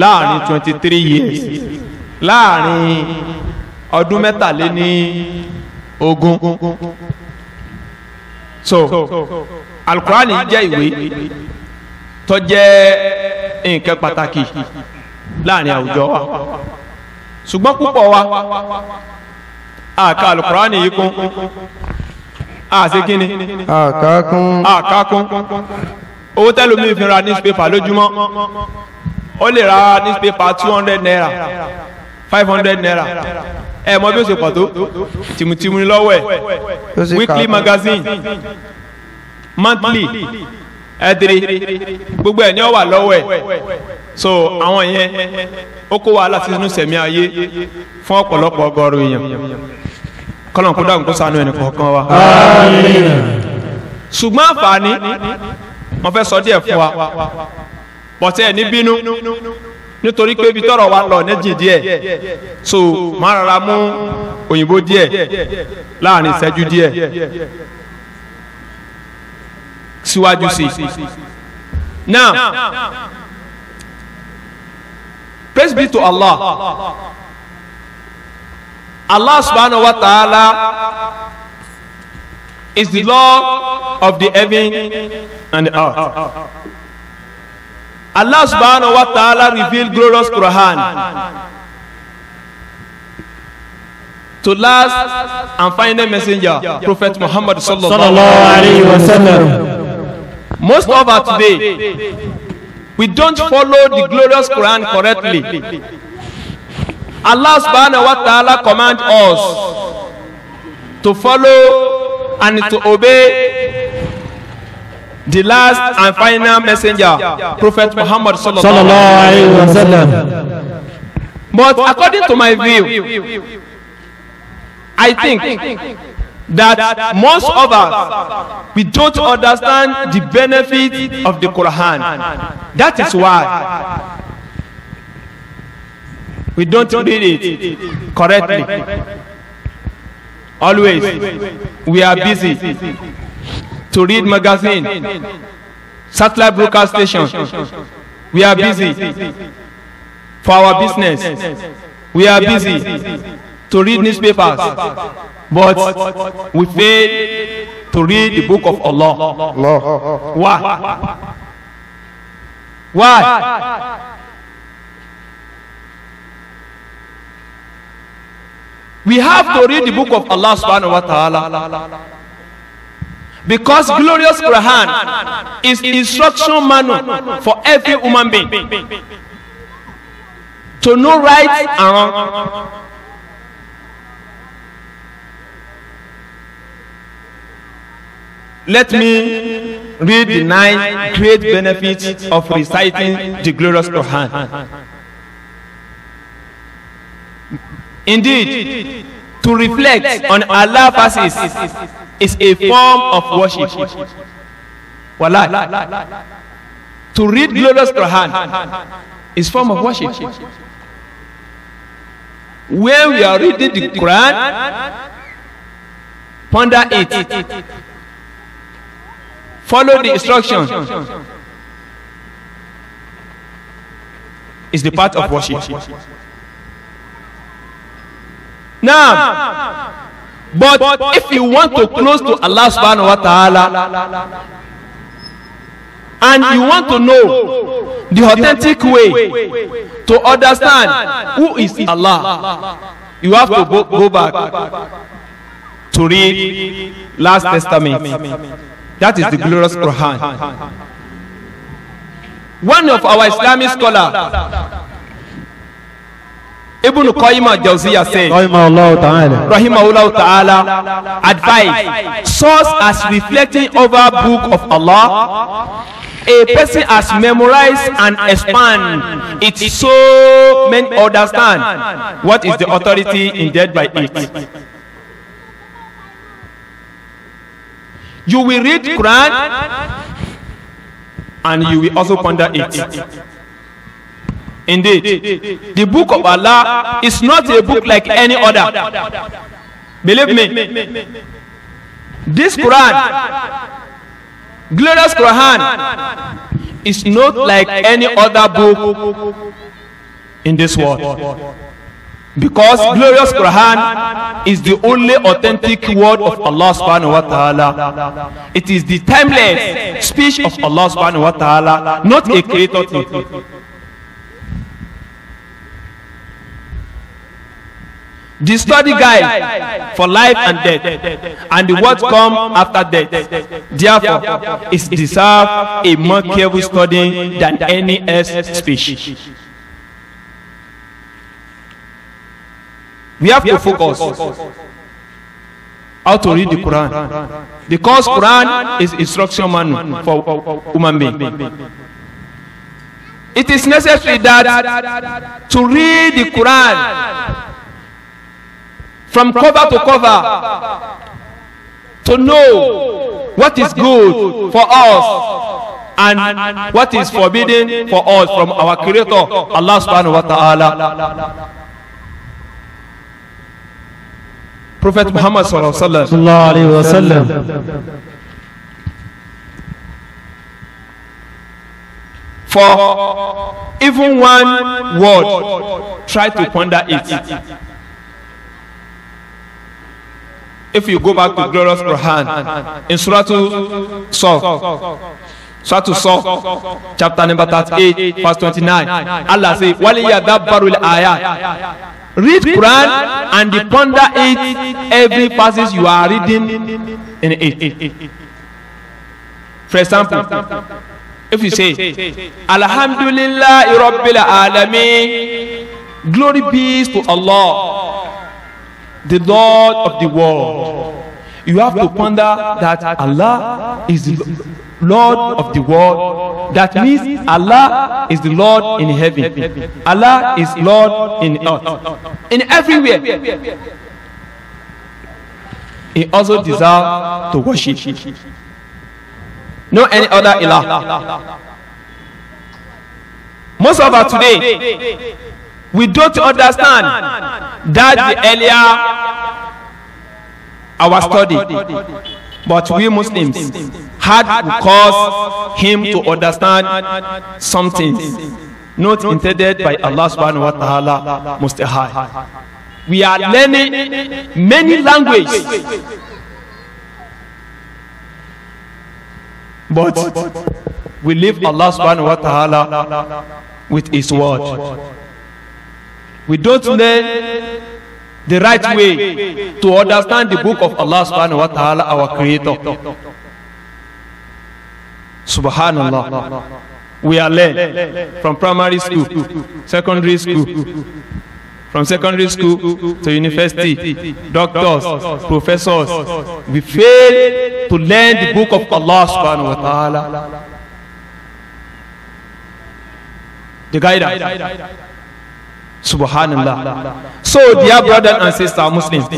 láàrin twenty three years láàrin ọdún mẹ́tàléní ogún so alukurani jẹ́ ìwé tó jẹ́ nǹkan pàtàkì láàrin àwùjọ wa ṣùgbọ́n púpọ̀ wa àka alukurani yìí kún àṣekínni àkàkún àkàkún owó tẹ́lómi fi ra lójúmọ́ ó lè ra newspaper two hundred naira five hundred naira ẹ mọ bí ó ṣe pọ̀ tó tìmùtìmù lọ́wọ́ ẹ̀ weekly magazine monthly ẹdiri gbogbo ẹ ní ọ wà lọ́wọ́ ẹ so àwọn yẹn ó kó wàhálà sínú sẹmí ayé fún ọ̀pọ̀lọpọ̀ ọgọ́rùn èèyàn kọlọn kó dáhùn kó ṣàánú ẹnì kọ̀ọ̀kan wa. ṣùgbọ́n àǹfààní wọ́n fẹ́ sọ díẹ̀ fún wa pọ̀tẹ́ ẹ̀ ní bínú nítorí pé ibi tọrọ wa lọ nẹjì díẹ̀ so máa rárá mú òyìnbó díẹ̀ láàrin ìṣẹ́jú díẹ̀ síwájú sí now praise be to Allah Allah subhanahu wa ta'ala is the Lord of the heaven and the earth. Allah subhanahu wa ta'ala revealed glorious Quran to last and final messenger, Prophet Muhammad sallallahu alaihi wasallam. Most of us today, we don't follow the glorious Quran correctly. Allah subhanahu wa ta'ala commands us to follow and to obey the last and final messenger prophet muhammad sallallahu alaihi wasallam but according to my view i think that most of us we don't understand the benefit of the quran that is why we don't read it correctly always we are busy to read magazine, satellite broadcast station. We are busy for our business. We are busy to read newspapers, but we fail to read the book of Allah. Why? Why? We have to read the book of Allah subhanahu wa ta'ala. Because glorious Quran is instruction manual for every human being to know right and wrong. Let me read the nine great benefits of reciting the glorious Quran. Indeed, to reflect on Allah's verses is a form of worship. Wallah. To read glorious Quran is form of worship. When we are reading the Quran, ponder it. Follow the instruction. Is the part of worship. Now, But, if you want to close to Allah subhanahu wa ta'ala and you want to know the authentic way to understand who is Allah, you have to go, go back to read Last Testament. That is the glorious Quran. One of our Islamic scholars Ibn Qayyim al-Jawziyya said, Rahimahullah Ta'ala, advice, source as reflecting over book of Allah, a person has memorized and expand it so many understand what is the authority in intended by it. You will read Quran and you will also ponder it. Indeed, the book of Allah is not a book like any other. Believe me, this Quran, glorious Quran, is not like any other book in this world. Because glorious Quran is the only authentic word of Allah subhanahu wa ta'ala. It is the timeless speech of Allah subhanahu wa ta'ala, not a creator thing. the study guide for life and death and the words come after death therefore it deserves a more careful study than any else species. We have to focus how to read the Quran because Quran is instruction manual for human being. It is necessary that to read the Quran from cover to cover to know what is good for us and what is forbidden for us from our creator Allah subhanahu wa ta'ala Prophet Muhammad sallallahu alaihi wasallam for even one word try to ponder it If you go back to glorious Quran in Surah Saf, Surah Saf, chapter number thirty-eight, verse twenty-nine, Allah says, "Waliyadabbaru al-ayat." Read Quran and ponder it every passage you are reading in it. For example, if you say, "Alhamdulillah, Rabbil Alamin," glory be to Allah. the Lord of the world. You have to ponder that Allah is the Lord of the world. That means Allah is the Lord in heaven. Allah is Lord in earth. In everywhere. He also deserves to worship. No any other Allah. Most of us today we don't understand that the earlier our study but we Muslims had to cause him to understand something not intended by Allah subhanahu wa ta'ala most high we are learning many languages but we leave Allah subhanahu wa ta'ala with his word We don't learn the right way to understand the book of Allah subhanahu wa ta'ala, our creator. Subhanallah. We are led from primary school, secondary school, from secondary school to university, doctors, professors. We fail to learn the book of Allah subhanahu wa ta'ala. The guidance. Subhanallah. So, dear brothers and sisters, Muslims,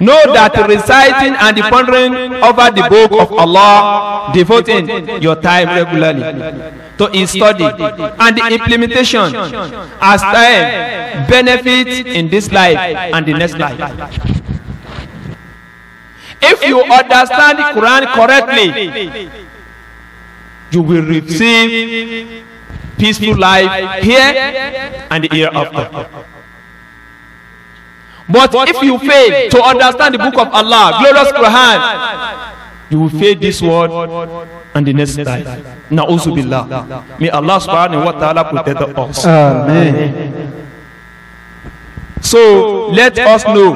know that reciting and the pondering over the book of Allah, devoting your time regularly to its study and the implementation as time benefits in this life and the next life. If you understand the Quran correctly, you will receive peaceful life here and hereafter. But if you fail to understand the book of Allah, glorious Quran, you will fail this world and the next life. Na'uzu billah. May Allah subhanahu wa ta'ala protect us. Amen. So let us know.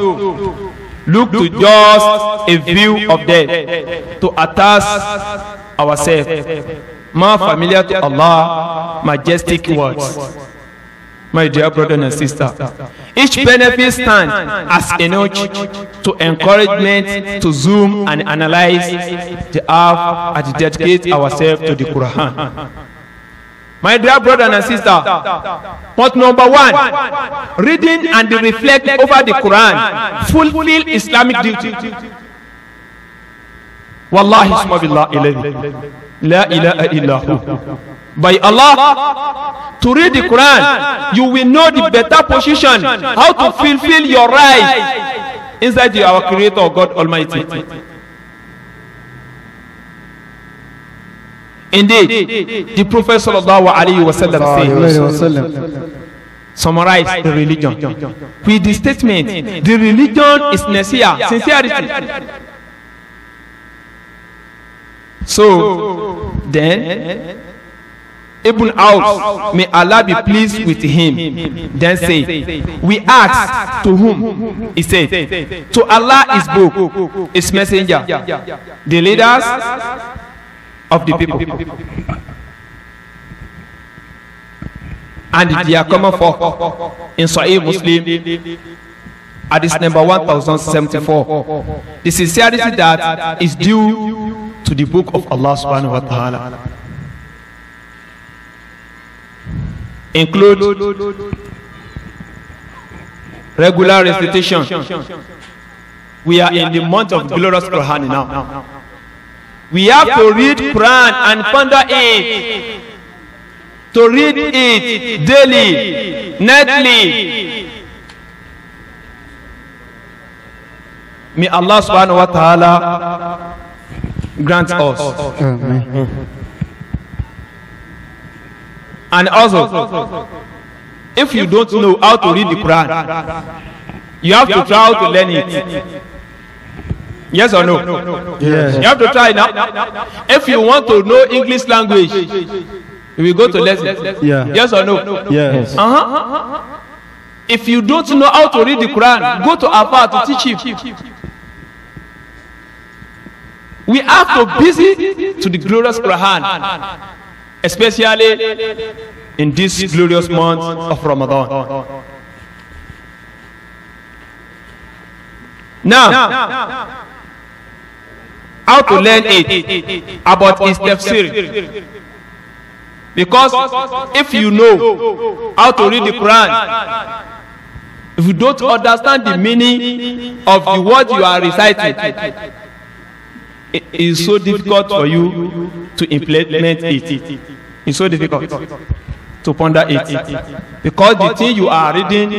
Look to just a view of death to attach ourselves more familiar to Allah, majestic words. My dear brother and sister, each benefit stands as a note to encouragement to zoom and analyze the earth and dedicate ourselves to the Quran. My dear brother and sister, point number one, reading and reflect over the Quran, fulfill Islamic duty. Wallahi, subhanallah, ilayhi. La ilaha illahu. By Allah, to read the Quran, you will know the better position how to fulfill your right inside the, our Creator God Almighty. Indeed, the Prophet sallallahu alaihi wasallam says summarize the religion with the statement: the religion is nasiya, sincerity. So then Ibn Auf, may Allah be pleased with him, then say, We ask to whom? He said, To Allah His book, his messenger, the leaders of the people, and they are common for in Sahih Muslim. At this number 1074. The sincerity that is due to the book of Allah subhanahu wa ta'ala include regular recitation we are in the month of glorious Quran now we have to read Quran and ponder it to read it daily nightly may Allah subhanahu wa ta'ala grant us. Amen. Mm-hmm. And also, if you don't know how to read the Quran, you have to try to learn it. Yes or no? Yes. You have to try now. If you want to know English language, we go to lesson. Yes or no? Yes. Uh-huh. If you don't know how to read the Quran, go to Afar to teach you. We have to busy to the glorious Quran, especially in this glorious month of Ramadan. Now, how to learn it about his tafsir. Because if you know how to read the Quran, if you don't understand the meaning of the word you are reciting, it is so difficult for you to implement it. It is so difficult to ponder it. Because the thing you are reading,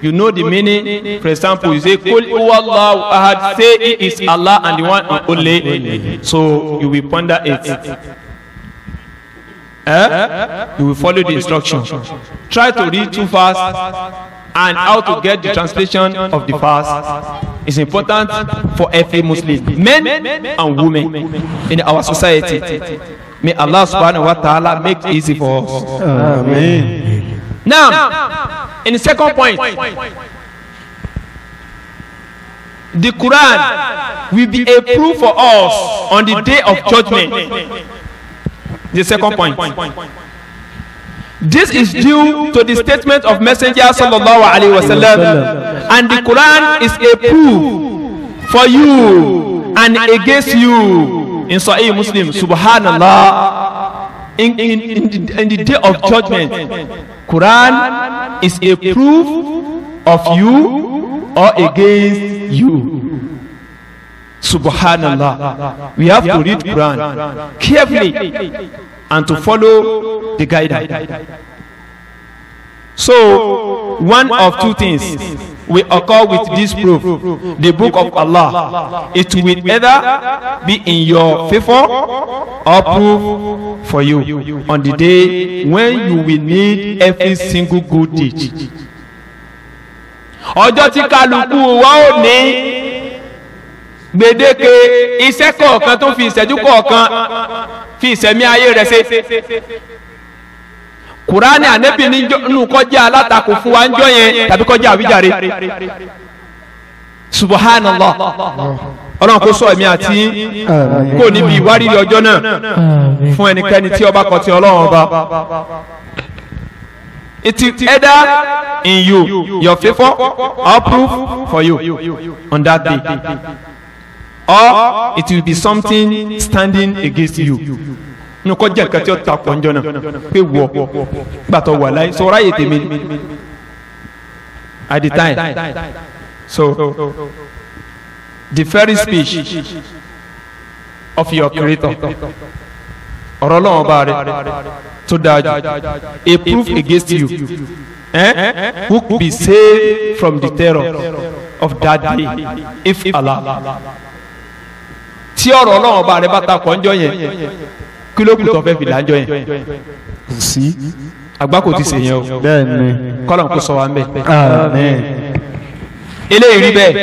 you know the meaning. For example, you say, Kul Allahu ahad, say it is Allah and the one and only. So you will ponder it. Eh? You will follow the instruction. Try to read too fast and how to get the translation of the fast is important for every Muslim, men and women in our society. May Allah subhanahu wa ta'ala make it easy for us. Amen. Now, in the second point, the Quran will be a proof for us on the day of judgment. The second point. This is due to the statement of Messenger sallallahu alaihi wasallam, and the Quran is a proof for you and against you in Sahih Muslim. Subhanallah. In, in, in, the, in the day of judgment, Quran is a proof of you or against you. Subhanallah. We have to read Quran carefully. and to follow the guidance. So, one of two things will occur with this proof, the book of Allah. It will either be in your favor or proof for you on the day when you will need every single good deed. Ọjọ́ tí kálukú wa ó ní gbèdéke iṣẹ́ kọ̀ọ̀kan tó fi ìṣẹ́jú kọ̀ọ̀kan fi ìṣẹ̀mí ayé rẹ̀ ṣe kùránì ànẹ́bí nínú kọjá alátakò fún wa ń yẹn tàbí kọjá àwíjàre subhanallah ọlọ́run kó sọ èmi àti kò níbi ìwárìrì ọjọ́ náà fún ẹnikẹ́ni tí ọba kọtí ọlọ́run ọba it is either in you your favor, or proof for you on that day or it will be something standing against you nínú kọ́ jẹ́ nǹkan tí ó ta pọ́njọ́ náà pé wọ gbàtọ̀ wà láyé sọ̀rọ̀ ayé tèmi at the time so the very speech of your creator ọ̀rọ̀ lọ́wọ́ bá rẹ̀ tó dájú a proof against you eh? who be saved from the terror of that day if Allah tí ọ̀rọ̀ ọlọ́run ọba rẹ bá ta kọ́ ńjọ yẹn kí ló kù tó fẹ́ fi là ńjọ yẹn. kò sí. àgbákò ti sèyàn o. kọ́lọ̀ ń kó sọ wa ń bẹ̀. eléyìí rí bẹ́ẹ̀.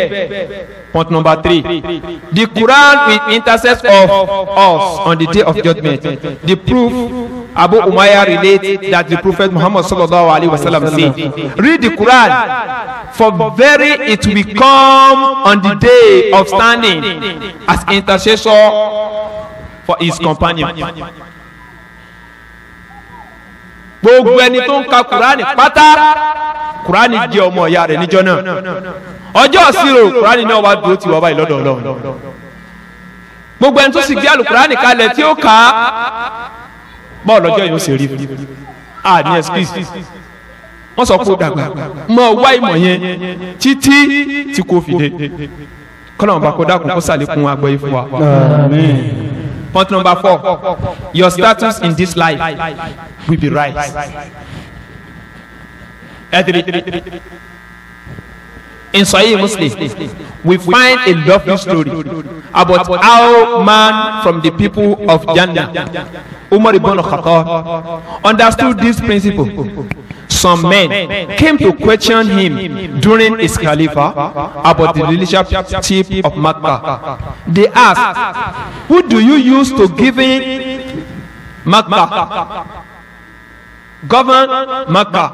Point number three. The Quran will intercede of us on the day of judgment. The proof Abu Umayyah relates that the Prophet Muhammad sallallahu alaihi wasallam said, "Read the Quran, for very it will come on the day of standing as intercessor for his companion." Gbogbo ẹni tó ń ka Quran pátá, Quran jẹ́ ọmọ ìyá rẹ̀ níjọ́ náà ọjọ́ ìṣirò kúránì náà wá dúró ti wá báyìí lọ́dọ̀ ọlọ́run gbogbo ẹni tó sì gbé àlùkùránì kalẹ̀ tí ó kà á bọ́ọ̀ lọ́jọ́ yìí ó sì rí ní excuse wọ́n sọ pé ó dàgbà mọ wá ìmọ̀ yẹn títí tí kò fìdé kọ́nà ọba kó dákun kó sàlékún agbọ́yé fún wa. Point number four your status in this life will be right. Ẹ In Sahih Muslim, we find a lovely story about how man from the people of Jannah, Umar ibn Khattab, understood this principle. Some men came to question him during his caliphate about the relationship of Makkah. They asked, "Who do you use to give in Makkah?" Govern Makkah.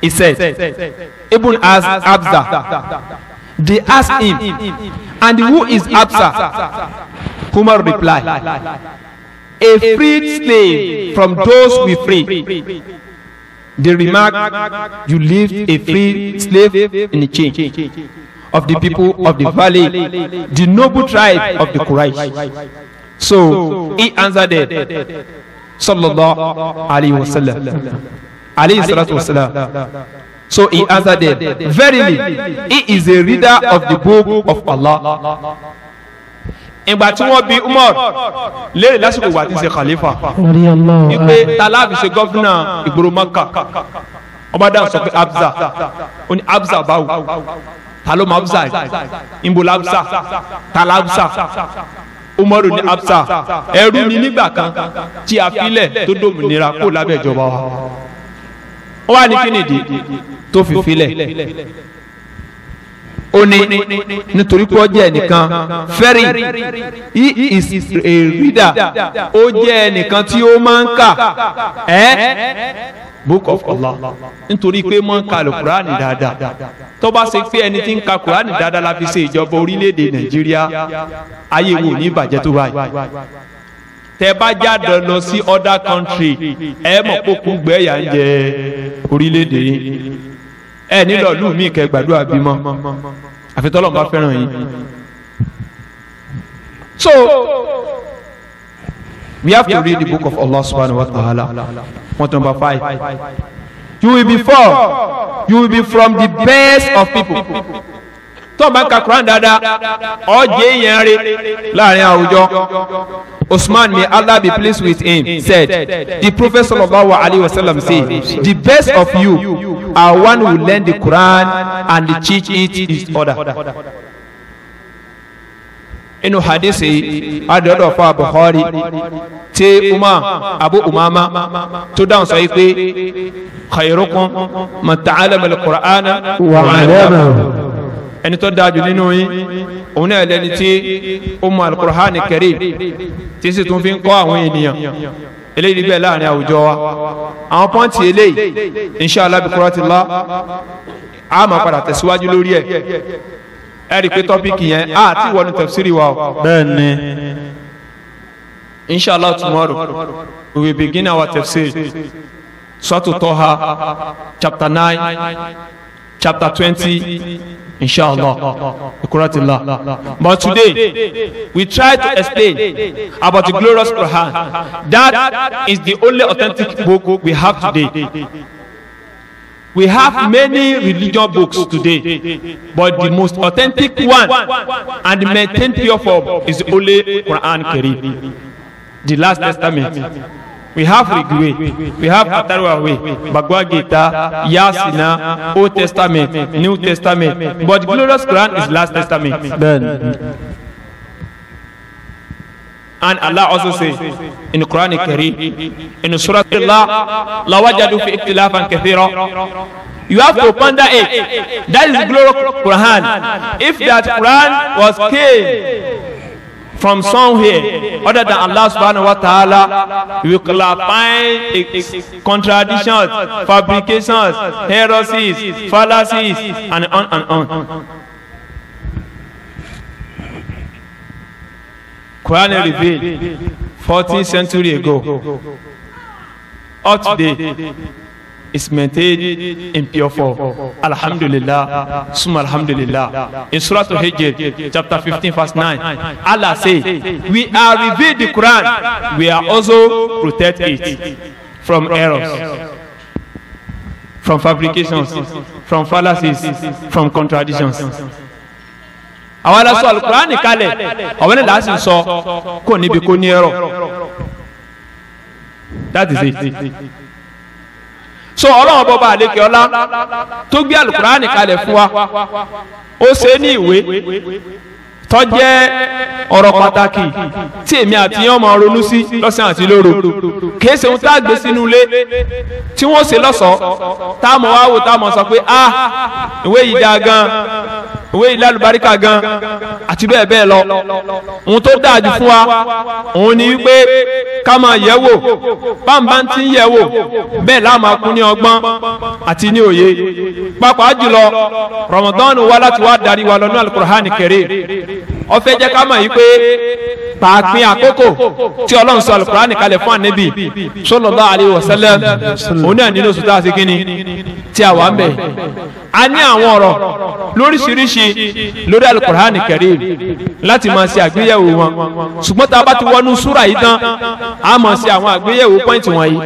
He said, Ibn as Abza. They asked him, and who is Abza? Umar replied, a freed slave from those we free. They remarked, you live a free slave in the chain of the people of the valley, the noble tribe of the Quraysh. So he answered it, Sallallahu Alaihi Wasallam. alayhi salatu wa salam. So he answered them, Verily, he is a reader of the book of Allah. Ìgbà tí wọ́n bi Umar léèrè lásìkò wà tí ń ṣe Khalifa. Ipe Talabi ṣe gọ́fúnà ìgboro Maka. Ọba dáhùn sọ Abza. Ó ní Abza báwo? Ta Abza yìí? Ìmbola Abza? Ta Abza? Umaru ní Abza. Ẹrú ni nígbà kan tí a filẹ̀ tó dòmìnira kó lábẹ́ ìjọba wa ó wà ní kínìdí tó fi filẹ̀ ó ní nítorí pé ó jẹ́ ẹnìkan fẹ́rì he is a reader ó jẹ́ ẹnìkan tí ó máa ń kà ẹ́ book of Allah nítorí pé mọ́ ń ka alukurani dáadáa tó bá ṣe pé ẹni tí ń ka kurani dáadáa la fi ṣe ìjọba orílẹ̀-èdè Nàìjíríà ayé wo ní ìbàjẹ́ tó báyìí tẹ bá jáde lọ sí other country ẹ mọ̀ kókó gbẹ́yà ń jẹ orílẹ̀-èdè yìí ẹ nílò lù mí kẹ gbàdúrà bímọ àfi tọ́lọ́ bá fẹ́ràn yín. so we have to read the book of Allah subhanahu wa ta'ala point number five you will be from you will be from the best of people tó bá ń ka Quran dáadáa ó jẹ́ èèyàn rẹ̀ láàrin àwùjọ. Usman may Allah be pleased with him said the Prophet sallallahu alaihi wasallam say the best of you are one who learn the Quran and teach it each other. inú hadisi adọ́dọ̀ fún Bukhari tí Umar Abu Umama to dáhùn sọ yìí pé khairukum man ta'allama al-Qur'ana wa 'allamahu ẹni tó dájú nínú yín òun náà lẹni tí ó mọ alukur'ani karim tí sì tún fi ń kọ́ àwọn ènìyàn eléyìí bẹ́ẹ̀ láàrin àwùjọ wa àwọn pọ́ǹtì eléyìí inṣàlá bí kúrọ́tì lá a máa padà tẹ̀síwájú lórí ẹ̀ ẹ rí i pé tọ́pìkì yẹn a ti wọnú tafsiri wa o. bẹ́ẹ̀ ni. inṣàlá tomorrow we will begin our tafsir sọ́tò tọ́ha chapter nine chapter twenty inshallah Quratullah. but today we try to explain about the glorious quran that is the only authentic book we have today we have many religion books today but the most authentic one and the maintained pure form is only quran Karim the last testament. We have Rigwe, we have Atarawe, Bhagavad Gita, Yasina, Old Testament, New Testament. But glorious Quran is last testament. Then. And Allah also says in the Quran Kareem, in Surah Allah, لَوَجَدُوا فِي اِخْتِلَافًا كَثِيرًا You have to ponder it. That is glorious Quran. If that Quran was came from somewhere other than Allah subhanahu wa ta'ala we will find contradictions fabrications heresies fallacies and on and on. Quran revealed 14th century ago. Out today ismɛnte impure fɔ alhamdulilah suma alhamdulilah in surah to hijr chapter fifteen verse nine allah say we are reveal the quran we are also protect it from errors from fabrications from fallacies from contradictions àwọn aláṣọ alukurani kalẹ̀ àwọn ẹni làásì sọ kò níbi kò ní ẹ̀rọ that is it so ọlọ́run bọba àlekè ọlá tó gbé alukurani kalẹ̀ fún wa ó ṣe ní ìwé tó jẹ́ ọ̀rọ̀ pàtàkì tí èmi àti yín ọmọ ronú sí lọ́sàn àti lóru kìí ṣe ohun tá a gbé sínú ilé tí wọ́n ṣe lọ́sọ̀ọ́ tá a mọ̀ wá wò tá a mọ̀ sọ pé ah ìwé yìí dáa gan ìwé ilé alùbáríkà gan àti bẹ́ẹ̀ bẹ́ẹ̀ lọ ohun tó dáa jù fún wa òun ni wípé ká máa yẹ̀ wò bámbá ń ti ń yẹ̀ wò bẹ́ẹ̀ láà máa kún ní ọgbọ́n àti ní òye pàápàá jùlọ Ramadan wa láti wá darí wa lọ ní Al-Qur'an Karim ó fẹ́ ká mọ̀ yìí pé pàápín àkókò tí ọlọ́run sọ alukurani kalẹ̀ fún anabi sallallahu alayhi wa sallam òun náà nínú oṣù tá a ṣe kínní tí a wà ń bẹ̀. a ní àwọn ọ̀rọ̀ lóríṣiríṣi lórí alukurani karim láti máa ṣe àgbéyẹ̀wò wọn ṣùgbọ́n tá a bá ti wọnú súrà yìí tán a máa ṣe àwọn àgbéyẹ̀wò pọ́ìntì wọ̀nyí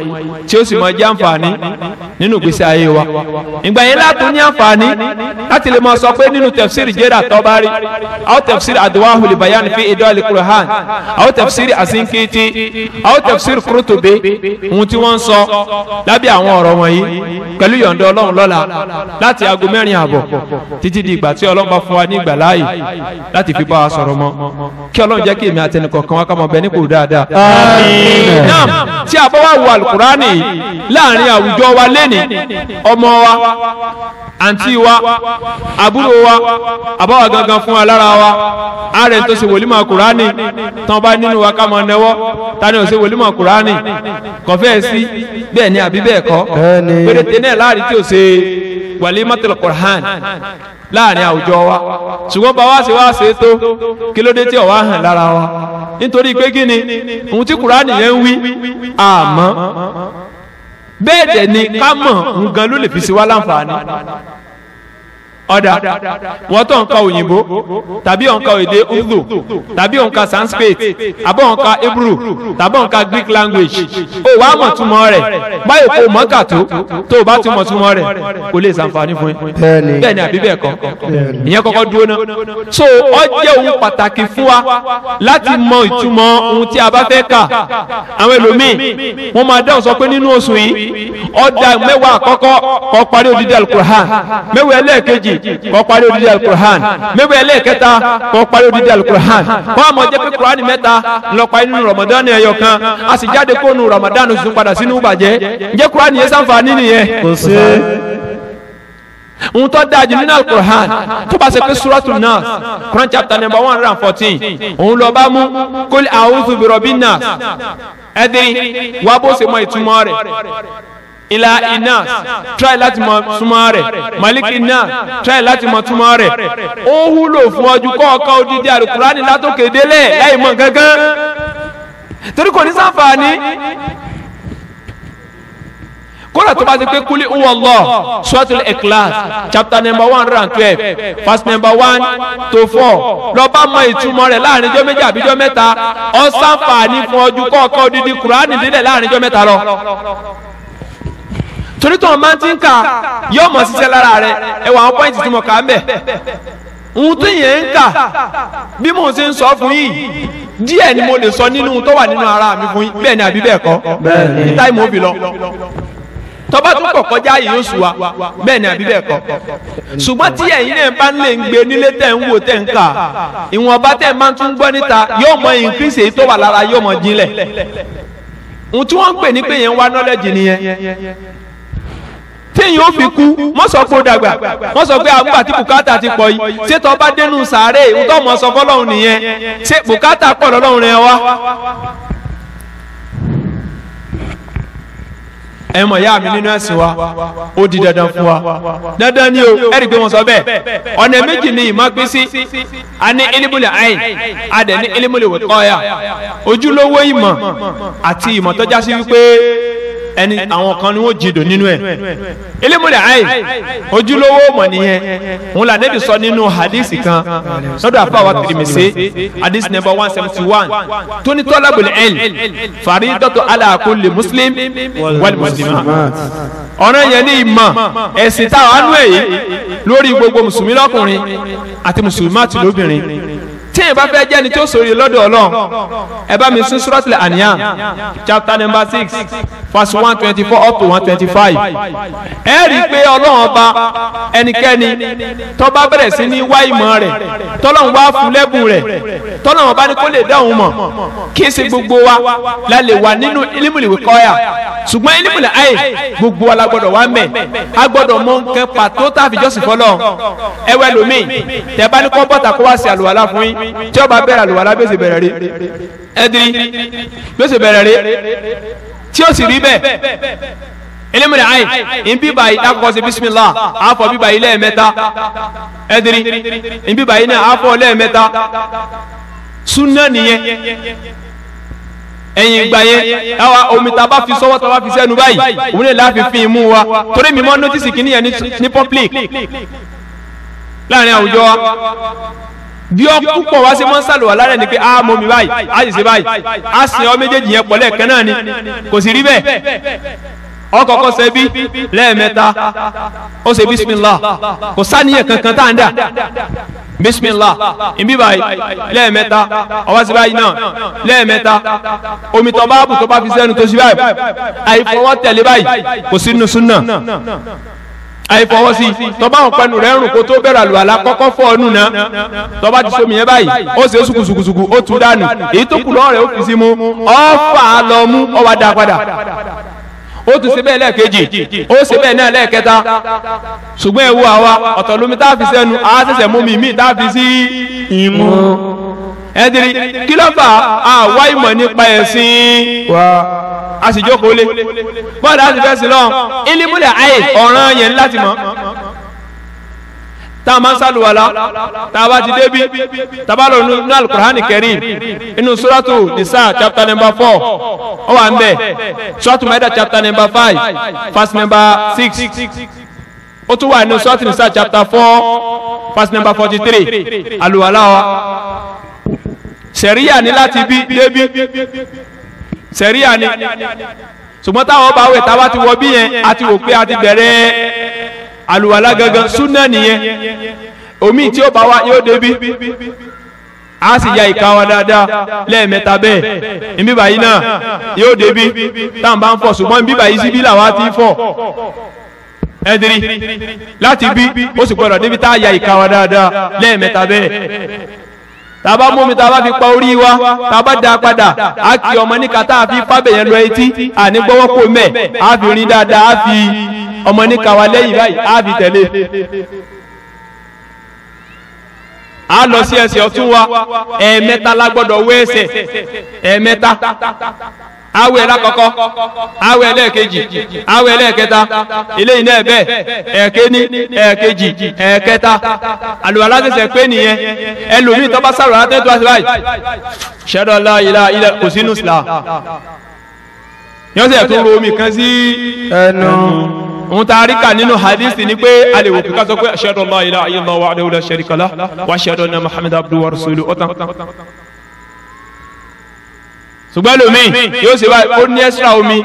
tí ó sì máa jẹ́ àǹfààní nínú ìgbésí ayé wa ìgbà yẹn látún ní àǹfààní láti lè máa sọ pé nínú tafsir jẹ́rà tọ́bárí àwọn tafsir adwahu li bayan fi idol qur'an àwọn tafsir azinkiti àwọn tafsir Qurtubi ohun tí wọ́n ń sọ lábẹ́ àwọn ọ̀rọ̀ wọ̀nyí pẹ̀lú yọ̀ǹda ọlọ́run lọ́la láti aago mẹ́rin àbọ̀ títí di ìgbà tí ọlọ́run bá fún wa ní ìgbà láàyè láti fi bá wa sọ̀rọ̀ mọ́ kí ọlọ́run jẹ́ kí èmi àti ẹnìkọ̀ọ̀kan wa ká mọ̀ bẹ nípò dáadáa. náà tí a bá wà wo alukurani láàrin àwùjọ wa lẹ́ni ọmọ wa àǹtí wa àbúrò wa àbáwá gangan fún wa lára wa ààrẹ tó ṣe wòlímọ̀ kùránì tán bá nínú wa ká mọ nẹwọ́ tani ò ṣe wòlímọ̀ kùránì kọfẹ́ sí bẹ́ẹ̀ ni àbí bẹ́ẹ̀ kọ́ péréte náà láàrin tí ò ṣe walimatul Qur'an láàrin àwùjọ wa ṣùgbọ́n bá wá sí wá ṣe tó kí ló dé tí hàn lára wa nítorí pé kí ni ohun tí kùránì yẹn ń wí àmọ́ bẹ́ẹ̀ dẹ̀ ni ká mọ̀ nǹkan ló lè fi ṣe wá láǹfààní ọ̀dà wọ́n tó ń ka òyìnbó tàbí òǹkà èdè urdu tàbí òǹkà sanskrit àbọ̀ òǹkà hebrew tàbí òǹkà greek language ó wà á mọ̀ túmọ̀ rẹ̀ báyìí kò mọ̀ kà tó tó o bá túmọ̀ túmọ̀ rẹ̀ kò lè ṣàǹfààní fún yín bẹ́ẹ̀ ni àbí bẹ́ẹ̀ kọ́ ìyẹn kọ́kọ́ dúró ná so ọ jẹ́ ohun pàtàkì fún wa láti mọ ìtumọ̀ ohun tí a bá fẹ́ kà àwọn ẹlòmíì wọ́n máa dáhùn sọ pé nínú oṣù yìí ọ̀dà mẹ́wàá àkọ́kọ́ kọ́ parí odidi alukur'an mẹ́wàá ẹlẹ́ẹ̀kejì kọ́ parí odidi alukur'an mẹ́wàá ẹlẹ́ẹ̀kẹta kọ́ parí odidi alukur'an kọ́ àmọ́ jẹ́ pé kur'an mẹ́ta lọ parí nínú ramadan ẹ̀yọ kan a sì jáde kó nu ramadan oṣù padà sínú bàjẹ́ ǹjẹ́ kur'an yẹn sànfàní nìyẹn. kò sí ń tọ́ da jù nínú alukur'an tó bá ṣe pé suratul nas quran chapter number one hundred and fourteen òun lọ bá mú kul a'udhu bi rabbin nas ẹ̀dín wàá bó ṣe mọ ìtumọ̀ rẹ̀ ila inas try láti mọ túmọ̀ rẹ̀ malik inas try láti mọ túmọ̀ rẹ̀ ó wúlò fún ọjọ́ kọ́ọ̀kan odidi alukurani látòkè délẹ̀ láì mọ̀ gángan torí kò ní ṣàǹfààní kódà tó bá ti pé kúlí uwọ lọ suratul ikhlas chapter number one round twelve verse number one to four lọ́ba mọ ìtumọ̀ rẹ̀ láàrin ijọ́ méjì àbí ijọ́ mẹ́ta ọ̀sánfààní fún ọdún kọ̀ọ̀kan odidi kùránì nílẹ̀ láàrin ijọ́ mẹ́ta lọ torí tó o máa ti ń kà yóò mọ̀ ṣiṣẹ́ lára rẹ ẹ wà àwọn pọ́ìntì tí mo kà ń bẹ̀ ohun tí yẹn ń kà bí mo ṣe ń sọ fún yìí díẹ̀ ni mo lè sọ nínú tó wà nínú ara mi fún yín bẹ́ẹ̀ ni àbí bẹ́ẹ̀ kọ́ níta ìmọ̀ òbí lọ tọ́ba tó kọ̀ kọjá yìí oṣù wa bẹ́ẹ̀ ni àbí bẹ́ẹ̀ kọ́ ṣùgbọ́n tí ẹ̀yin náà bá ń lè gbé nílé tẹ̀ ń wò tẹ̀ ń kà ìwọ̀nba tẹ̀ máa tún gbọ́ níta yóò mọ increase èyí tó wà lára yóò mọ jinlẹ̀ ohun tí wọ́n ń pè ní pé yẹn wá knowledge nìyẹn téèyàn ó fi kú mọ́ sọ pé ó dàgbà mọ́ sọ pé àgbà tí bùkátà ti pọ̀ yìí ṣé tó bá dénú sàárè ń tọ́ mọ́ sọ fọlọ́run nìyẹn ṣé bùkátà pọ̀ lọ́lọ́run rẹ̀ wá. ẹ mọ̀ ìyá mi nínú ẹ̀sìn wa ó di dandan fún wa dandan ni o ẹ rí i pé wọ́n sọ bẹ́ẹ̀ ọ̀nà méjì ni ìmọ̀ pín sí a ní ilimule ayin a dẹ̀ ní ilimule wòtọ́ya ojúlówó ìmọ̀ àti ìmọ̀ tọ́já sí wípé ẹni àwọn kan ni wọ́n jìdò nínú ẹ̀ elémùlẹ̀ ayé ojúlówó mọ̀ nìyẹn òun là nẹ́bi sọ nínú hadisi kan lọ́dọ̀ àfa wa Tirmidhi hadisi number one seventy one tóní talabul ilm faridatu ala kulli muslim wal muslimat ọ̀ràn yẹn ní ìmọ̀ ẹ̀sìn táwọn anú ẹ̀ yìí lórí gbogbo mùsùlùmí lọ́kùnrin àti mùsùlùmí àti lóbìnrin téèyàn bá fẹ́ jẹ́ ni tí ó sòrí lọ́dọ̀ ọlọ́run ẹ bá mi sún suratul An'am chapter number six verse one twenty four up to one twenty five ẹ rí i pé ọlọ́run ọba ẹnikẹ́ni tó bá bẹ̀rẹ̀ sí ní wá ìmọ̀ rẹ̀ tọ́lọ́run wá fún lẹ́bùn rẹ̀ tọ́lọ́run ọba ni kó lè dá òun mọ̀ kí n ṣe gbogbo wa la lè wà nínú ilimuli kọ́yà ṣùgbọ́n ilimuli ayé gbogbo wa la gbọ́dọ̀ wá mẹ́ a gbọ́dọ̀ mọ nǹkan pàtó tàbí jọ́sìn fọlọ́ ẹwẹ́ lómi tẹ̀ bá ní kọ́ bọ́ta kó wá sí àlùwàlá fún yín tí ó bá bẹ̀rẹ̀ àlùwàlá bí ó ṣe bẹ̀rẹ̀ rí ẹ̀dìrí bí ó ṣe bẹ̀rẹ̀ rí tí ó sì rí bẹ́ẹ̀ elémìnira ayi nbí báyìí lákòókò sí bisimilá àfọ bí báyìí lẹ́ẹ̀mẹ́ta ẹ̀dìrí nbí báyìí náà àfọ lẹ́ẹ̀mẹ́ta sunna nìyẹn ẹ̀yìn ìgbà yẹn àwa omi tá a bá fi sọ́wọ́ tá a bá fi sẹ́nu báyìí òun lè láàfin fi imú wa torí mi notice kìíní yẹn ní public láàrin àwùjọ wa bí ọ púpọ̀ wá sí mọ́sálò wà lára ẹni pé a ah, mọ mi báyìí a sì ṣe báyìí a sì ọ méjèèjì yẹn pọ̀ lẹ́ẹ̀kan náà ni kò sì rí bẹ́ẹ̀ ọkọ̀ọ̀kọ̀ ṣe bí lẹ́ẹ̀mẹ́ta ó ṣe bísímìlá kò sáníyàn kankan tá à ń dà bísímìlá ìbí báyìí lẹ́ẹ̀mẹ́ta ọwọ́ sí báyìí náà lẹ́ẹ̀mẹ́ta omi tó bá bù tó bá fi sẹ́nu tó ṣe báyìí àìfọwọ́ tẹ̀lé báyìí kò sínú súnà àìfọwọ́ sí tọ́ba àwọn pẹ́nu rẹ̀ rùn kó tó bẹ̀rẹ̀ àlùwàlá kọ́kọ́ fọ́ ọ́nù náà tọ́ba ti sómi yẹn báyìí ó ṣe ṣùkùṣùkùṣùkù ó tú dànù èyí tó kù lọ́rẹ̀ ó fi sí mu ọ̀fà lọ mú ọ̀wà dá padà ó tún ṣe bẹ́ẹ̀ lẹ́ẹ̀kejì ó ṣe bẹ́ẹ̀ náà lẹ́ẹ̀kẹta ṣùgbọ́n ẹ wo àwa ọ̀tọ̀ lómi tá a fi sẹ́nu àá ṣẹ̀ṣẹ̀ mú mi míì tá a fi sí imú ẹ̀ẹ́dìrí kí ló fà á wá ìmọ̀ nípa ẹ̀sìn wa a sì jókòó lé bọ́ọ̀dà àti fẹ́ẹ́ sí lọ́n ilimúlẹ̀ ayé ọ̀ràn yẹn láti mọ̀ tá a máa ń sálùwàlá tá a bá ti débi tá a bá lọ nínú alukurahani kẹrin inú suratu nisa chapter number four ó wà ń bẹ suratu maida chapter number five verse number six ó tún wà nínú suratu nisa chapter four verse number forty three aluwala wa sẹ̀ríyà ni láti bí débí sẹ̀ríyà ni ṣùgbọ́n táwọn bá wẹ̀ táwa ti wọ bí yẹn a ti wò pé a ti bẹ̀rẹ̀ àlùwàlá gangan súnà nìyẹn omi tí ó bá wa yóò débí a sì ya ìka wa dáadáa lẹ́ẹ̀mẹ́ta bẹ́ẹ̀ nbí báyìí náà yóò débí tá à ń bá ń fọ̀ ṣùgbọ́n nbí báyìí síbí làwa ti fọ̀ ẹ̀dìrí láti bí ó sì gbọ́dọ̀ débi tá a ya ìka wa dáadáa lẹ́ẹ̀mẹ́ta bẹ́ẹ̀ tàbá mú mi tàbá fi pa orí wa tàbá da padà á kì ọmọ níka tá a fi fábẹ̀ yẹn lọ etí àní gbọ́wọ́ kò mẹ́ á fi rin dáadáa á fi ọmọ níka wa lẹ́yìn báyìí á fi tẹ̀lé a lọ sí ẹsẹ̀ ọ̀tún wa ẹ̀ẹ̀mẹ́ta la gbọ́dọ̀ wé ẹsẹ̀ ẹ̀ẹ̀mẹ́ta awẹ lakọkọ awẹ lẹ́ẹ̀kejì awẹ lẹ́ẹ̀kẹta eléyìí náà bẹ́ẹ̀ ẹ̀kẹni ẹ̀kejì ẹ̀kẹta àlùwàlá ṣẹ̀ṣẹ̀ pé nìyẹn ẹlòmíì tó bá sàlùwàlá tẹ́tù àti báyìí ṣẹ́dọ̀ la ilà ilà kò sínú sílá yọ́n sẹ̀ tó ro omi kan sí ẹnu ohun tá a rí kà nínú hadithi ni pé a lè wò kí ká sọ pé ṣẹ́dọ̀ la ilà ilà wà á lè wò lẹ́ ṣẹ́ríkàlá wà ṣẹ́dọ̀ náà muhammadu abdul wa rasulu ọ̀tán ṣùgbọ́n lomi yóò ṣe báyìí ó ní ẹ́sìrà omi